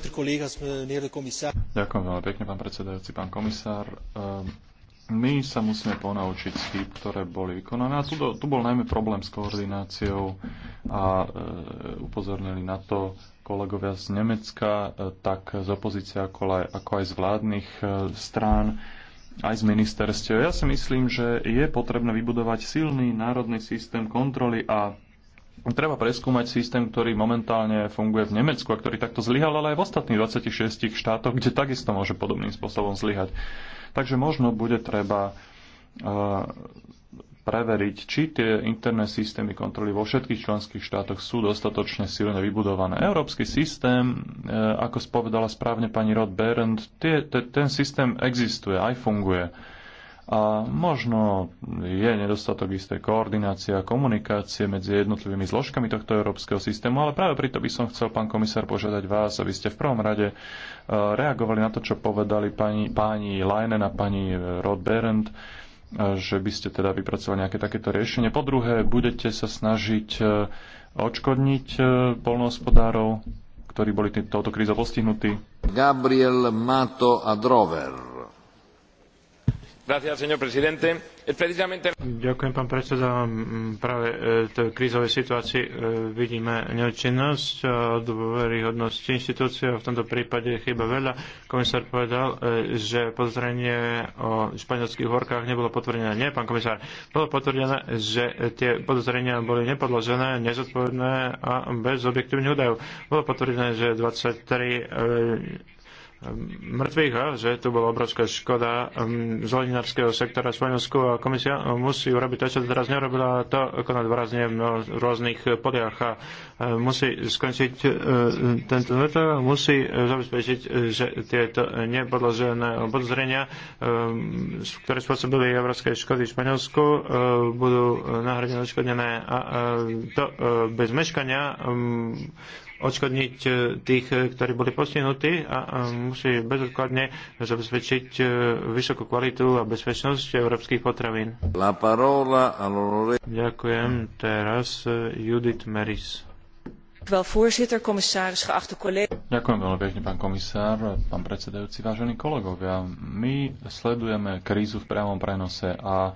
veľmi pekne, pán predsedajúci, pán komisár. Ehm, my sa musíme ponaučiť z chýb, ktoré boli vykonané. A tu, tu bol najmä problém s koordináciou a e, upozornili na to kolegovia z Nemecka, e, tak z opozície, ako aj, z vládnych e, strán, aj z ministerstiev. Ja si myslím, že je potrebné vybudovať silný národný systém kontroly a treba preskúmať systém, ktorý momentálne funguje v Nemecku a ktorý takto zlyhal, ale aj v ostatných 26 štátoch, kde takisto môže podobným spôsobom zlyhať. Takže možno bude treba preveriť, či tie interné systémy kontroly vo všetkých členských štátoch sú dostatočne silne vybudované. Európsky systém, e, ako spovedala správne pani Rod Berend, tie, te, ten systém existuje, aj funguje. A možno je nedostatok isté koordinácie a komunikácie medzi jednotlivými zložkami tohto európskeho systému, ale práve preto by som chcel, pán komisár, požiadať vás, aby ste v prvom rade e, reagovali na to, čo povedali pani, páni Leinen a pani Rod Berend že by ste teda vypracovali nejaké takéto riešenie. Po druhé, budete sa snažiť e, odškodniť e, polnohospodárov, ktorí boli touto krízou postihnutí. Gabriel Mato Adrover. Ďakujem, pán predseda. Hm, práve e, v krízovej situácii e, vidíme nečinnosť a dôveryhodnosť a V tomto prípade chyba veľa. Komisár povedal, e, že podozrenie o španielských horkách nebolo potvrdené. Nie, pán komisár, bolo potvrdené, že tie podozrenia boli nepodložené, nezodpovedné a bez objektívnych údajov. Bolo potvrdené, že 23 mŕtvych že tu bola obrovská škoda um, z lodinárskeho sektora Španielsku a komisia um, musí urobiť to, čo teraz nerobila, to konať výrazne v rôznych podiach a um, musí skončiť uh, tento veto, musí zabezpečiť, že tieto nepodložené podozrenia, ktoré spôsobili európske škody v Španielsku, uh, budú nahradené odškodnené a uh, to bez meškania odškodniť e, tých, e, ktorí boli postihnutí a musí bezodkladne zabezpečiť e, vysokú kvalitu a bezpečnosť európskych potravín. La parola Ďakujem. Teraz Judith Meris. Ďakujem veľmi pekne, pán komisár, pán predsedajúci, vážení kolegovia. My sledujeme krízu v priamom prenose a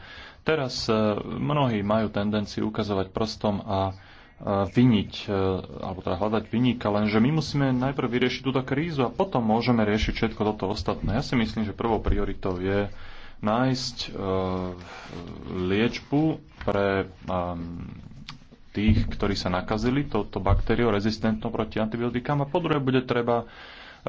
teraz mnohí majú tendenciu ukazovať prstom a viniť, e, alebo teda hľadať vyníka, lenže my musíme najprv vyriešiť túto krízu a potom môžeme riešiť všetko toto ostatné. Ja si myslím, že prvou prioritou je nájsť e, liečbu pre ehm, tých, ktorí sa nakazili touto baktériou rezistentnou proti antibiotikám a po druhé bude treba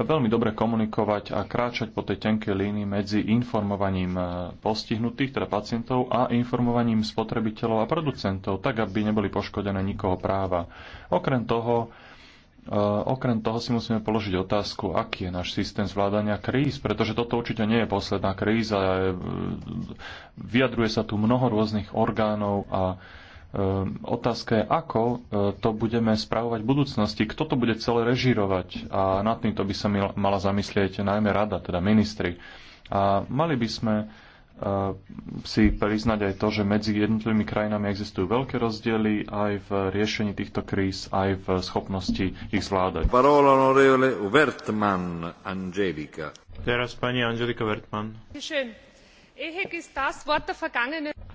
veľmi dobre komunikovať a kráčať po tej tenkej línii medzi informovaním e, postihnutých, teda pacientov, a informovaním spotrebiteľov a producentov, tak aby neboli poškodené nikoho práva. Okrem toho, e, Okrem toho si musíme položiť otázku, aký je náš systém zvládania kríz, pretože toto určite nie je posledná kríza. E, vyjadruje sa tu mnoho rôznych orgánov a Ehm, otázka je, ako e, to budeme spravovať v budúcnosti, kto to bude celé režírovať a nad týmto by sa mala zamyslieť najmä rada, teda ministri. A mali by sme e, si priznať aj to, že medzi jednotlivými krajinami existujú veľké rozdiely aj v riešení týchto kríz, aj v schopnosti ich zvládať. Parola onorevole Angelika. Teraz pani Angelika Vertman.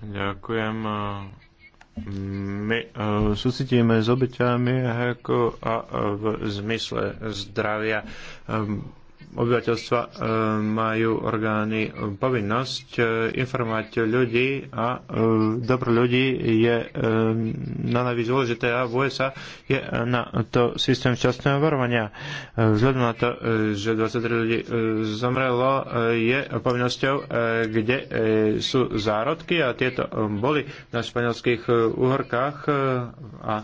Ďakujem. My uh, súcitíme s obeťami ako a, a e, v zmysle zdravia. Um, obyvateľstva e, majú orgány povinnosť e, informovať ľudí a e, dobro ľudí je na najvyššie zložité a v USA je na to systém včasného varovania. Vzhľadom na to, že 23 ľudí zomrelo, je povinnosťou, kde sú zárodky a tieto boli na španielských uhorkách a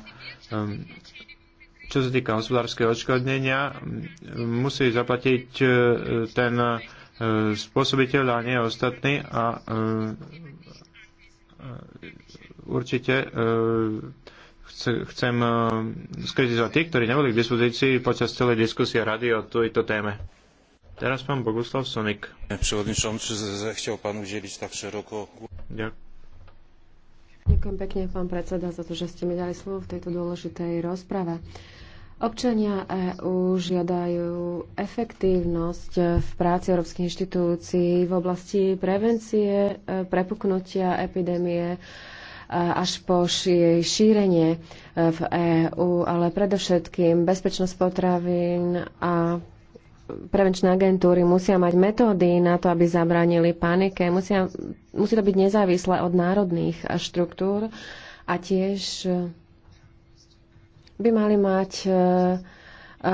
čo sa týka hospodárskeho odškodnenia, musí zaplatiť e, ten e, spôsobiteľ a nie ostatný a e, určite chcem skritizovať tých, ktorí neboli k dispozícii počas celej diskusie rady o tejto téme. Teraz pán Boguslav Sonik. tak Ďakujem. Ďakujem pekne, pán predseda, za to, že ste mi dali slovo v tejto dôležitej rozprave. Občania EÚ žiadajú efektívnosť v práci európskych inštitúcií v oblasti prevencie e, prepuknutia epidémie e, až po jej šírenie e, v EÚ, ale predovšetkým bezpečnosť potravín a prevenčné agentúry musia mať metódy na to, aby zabránili panike. Musia, musí to byť nezávislé od národných štruktúr a tiež by mali mať e, e,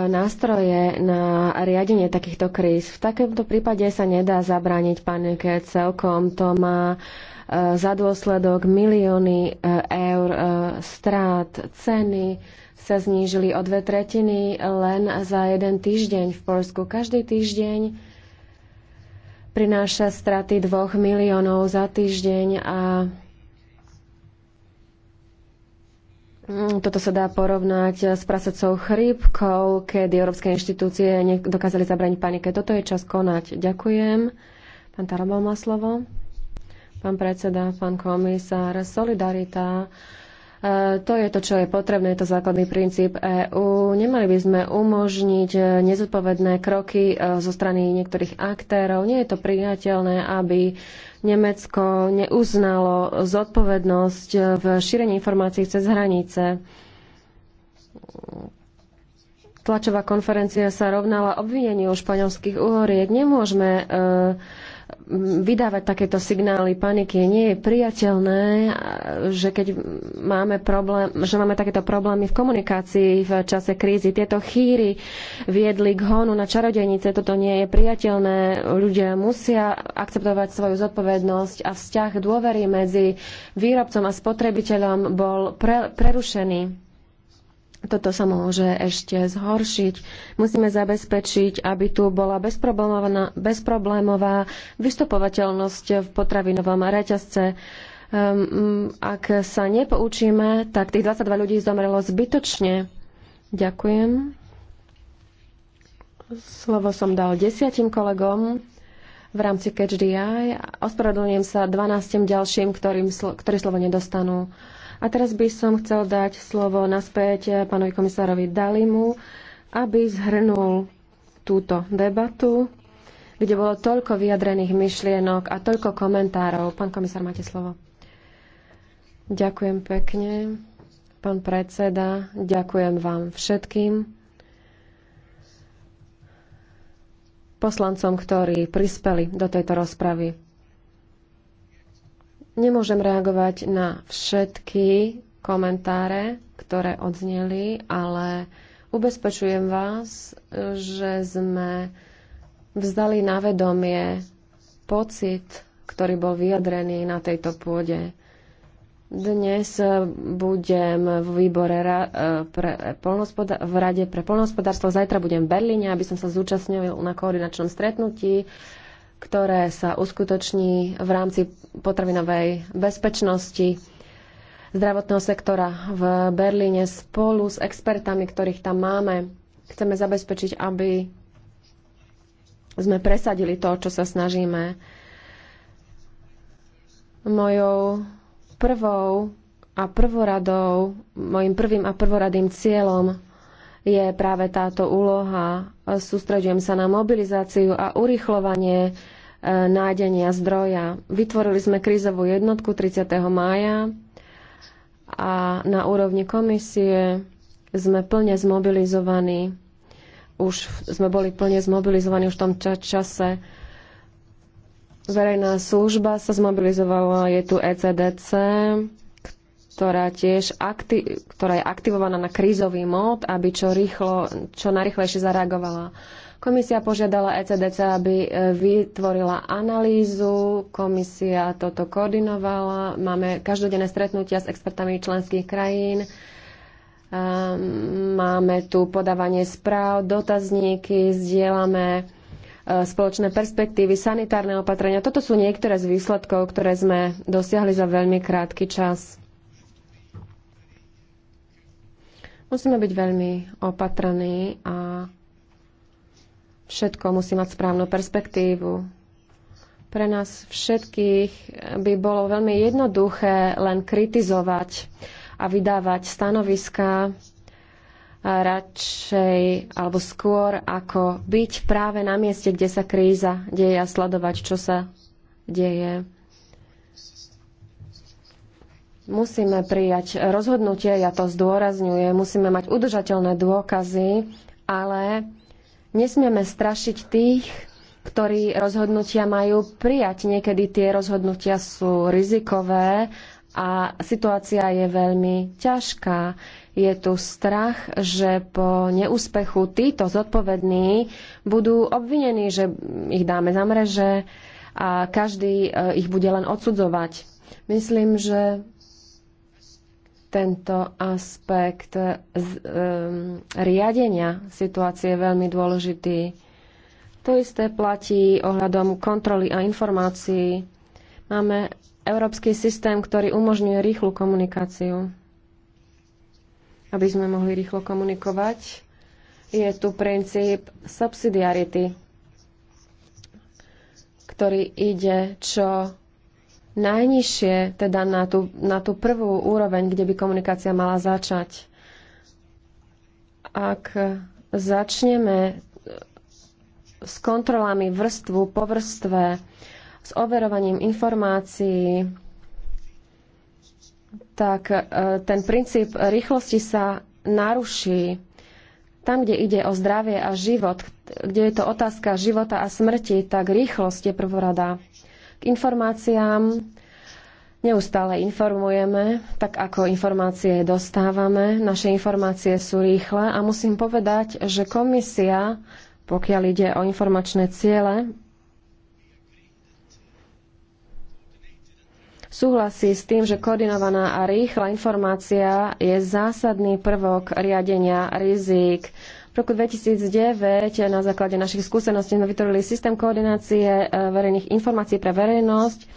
nástroje na riadenie takýchto kríz. V takomto prípade sa nedá zabrániť panike celkom. To má e, za dôsledok milióny eur strát, ceny sa znížili o dve tretiny len za jeden týždeň v Polsku. Každý týždeň prináša straty dvoch miliónov za týždeň a Mm, toto sa dá porovnať eh, s prasacou chrípkou, kedy európske inštitúcie dokázali zabraniť panike. Toto je čas konať. Ďakujem. Pán Tarabal má slovo. Pán predseda, pán komisár, solidarita to je to, čo je potrebné, je to základný princíp EÚ. Nemali by sme umožniť e, nezodpovedné kroky e, zo strany niektorých aktérov. Nie je to priateľné, aby Nemecko neuznalo zodpovednosť e, v šírení informácií cez hranice. Tlačová konferencia sa rovnala obvineniu španielských úhoriek. Nemôžeme uh, vydávať takéto signály paniky. Nie je priateľné, že keď máme, problém, že máme takéto problémy v komunikácii v čase krízy. Tieto chýry viedli k honu na čarodejnice. Toto nie je priateľné. Ľudia musia akceptovať svoju zodpovednosť a vzťah dôvery medzi výrobcom a spotrebiteľom bol pre, prerušený toto sa môže ešte zhoršiť. Musíme zabezpečiť, aby tu bola bezproblémová vystupovateľnosť v potravinovom reťazce. Um, ak sa nepoučíme, tak tých 22 ľudí zomrelo zbytočne. Ďakujem. Slovo som dal desiatim kolegom v rámci CatchDI. Ospravedlňujem sa 12 ďalším, ktorým, ktorí slovo nedostanú. A teraz by som chcel dať slovo naspäť eh, pánovi komisárovi Dalimu, aby zhrnul túto debatu, kde bolo toľko vyjadrených myšlienok a toľko komentárov. Pán komisár, máte slovo. Ďakujem pekne. Pán predseda, ďakujem vám všetkým. Poslancom, ktorí prispeli do tejto rozpravy. Nemôžem reagovať na všetky komentáre, ktoré odzneli, ale ubezpečujem vás, že sme vzdali na vedomie pocit, ktorý bol vyjadrený na tejto pôde. Dnes budem v výbore pre v Rade pre polnohospodárstvo, zajtra budem v Berlíne, aby som sa zúčastnil na koordinačnom stretnutí ktoré sa uskutoční v rámci potravinovej bezpečnosti zdravotného sektora v Berlíne spolu s expertami, ktorých tam máme. Chceme zabezpečiť, aby sme presadili to, čo sa snažíme. Mojou prvou a prvoradou, mojim prvým a prvoradým cieľom je práve táto úloha. Sústredujem sa na mobilizáciu a urychlovanie e, nájdenia zdroja. Vytvorili sme krízovú jednotku 30. mája a na úrovni komisie sme plne zmobilizovaní. Už sme boli plne zmobilizovaní už v tom čase. Verejná služba sa zmobilizovala, je tu ECDC, ktorá, tiež akti- ktorá je aktivovaná na krízový mód, aby čo, rýchlo, čo najrychlejšie zareagovala. Komisia požiadala ECDC, aby e, vytvorila analýzu, komisia toto koordinovala, máme každodenné stretnutia s expertami členských krajín, ehm, máme tu podávanie správ, dotazníky, zdieľame e, spoločné perspektívy, sanitárne opatrenia. Toto sú niektoré z výsledkov, ktoré sme dosiahli za veľmi krátky čas. Musíme byť veľmi opatrní a všetko musí mať správnu perspektívu. Pre nás všetkých by bolo veľmi jednoduché len kritizovať a vydávať stanoviska radšej alebo skôr ako byť práve na mieste, kde sa kríza deje a sledovať, čo sa deje. Musíme prijať rozhodnutie, ja to zdôrazňujem, musíme mať udržateľné dôkazy, ale nesmieme strašiť tých, ktorí rozhodnutia majú prijať. Niekedy tie rozhodnutia sú rizikové a situácia je veľmi ťažká. Je tu strach, že po neúspechu títo zodpovední budú obvinení, že ich dáme za mreže a každý e, ich bude len odsudzovať. Myslím, že tento aspekt z, um, riadenia situácie je veľmi dôležitý. To isté platí ohľadom kontroly a informácií. Máme európsky systém, ktorý umožňuje rýchlu komunikáciu. Aby sme mohli rýchlo komunikovať, je tu princíp subsidiarity, ktorý ide čo najnižšie, teda na tú, na tú prvú úroveň, kde by komunikácia mala začať. Ak začneme s kontrolami vrstvu po vrstve, s overovaním informácií, tak e, ten princíp rýchlosti sa naruší. Tam, kde ide o zdravie a život, kde je to otázka života a smrti, tak rýchlosť je prvorada informáciám. Neustále informujeme, tak ako informácie dostávame. Naše informácie sú rýchle a musím povedať, že komisia, pokiaľ ide o informačné ciele, súhlasí s tým, že koordinovaná a rýchla informácia je zásadný prvok riadenia rizík v roku 2009 na základe našich skúseností sme vytvorili systém koordinácie e, verejných informácií pre verejnosť.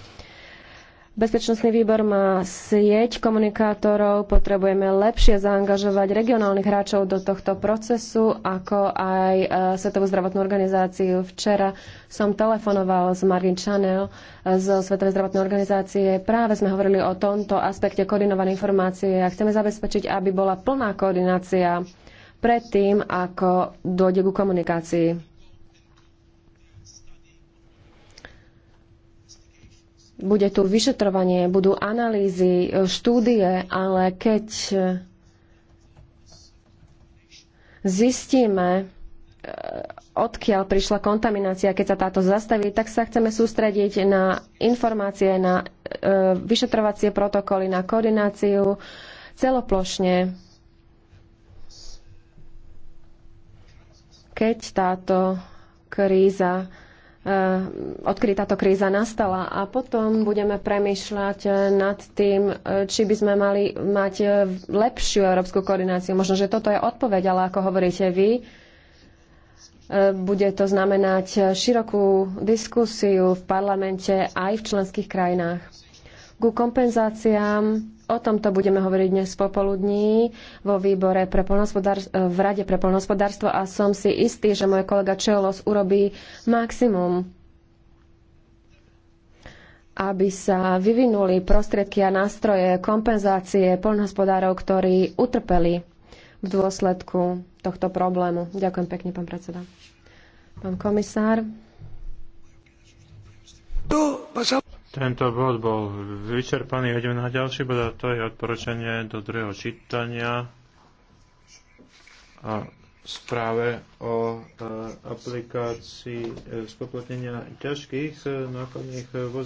Bezpečnostný výbor má sieť komunikátorov, potrebujeme lepšie zaangažovať regionálnych hráčov do tohto procesu, ako aj e, Svetovú zdravotnú organizáciu. Včera som telefonoval s Margin Chanel e, zo Svetovej zdravotnej organizácie. Práve sme hovorili o tomto aspekte koordinovanej informácie a chceme zabezpečiť, aby bola plná koordinácia predtým, ako dojde ku komunikácii. Bude tu vyšetrovanie, budú analýzy, e, štúdie, ale keď e, zistíme, e, odkiaľ prišla kontaminácia, keď sa táto zastaví, tak sa chceme sústrediť na informácie, na vyšetrovacie protokoly, na koordináciu celoplošne keď táto kríza e, odkedy táto kríza nastala a potom budeme premýšľať e, nad tým, e, či by sme mali mať lepšiu európsku koordináciu. Možno, že toto je odpoveď, ale ako hovoríte vy, bude to znamenať širokú diskusiu v parlamente aj v členských krajinách. Ku kompenzáciám O tomto budeme hovoriť dnes popoludní vo výbore pre v Rade pre polnospodárstvo a som si istý, že môj kolega Čelos urobí maximum, aby sa vyvinuli prostriedky a nástroje kompenzácie polnohospodárov, ktorí utrpeli v dôsledku tohto problému. Ďakujem pekne, pán predseda. Pán komisár. Tento bod bol vyčerpaný, ideme na ďalší bod a to je odporúčanie do druhého čítania a správe o e, aplikácii e, spoplatnenia ťažkých e, nákladných vozidel.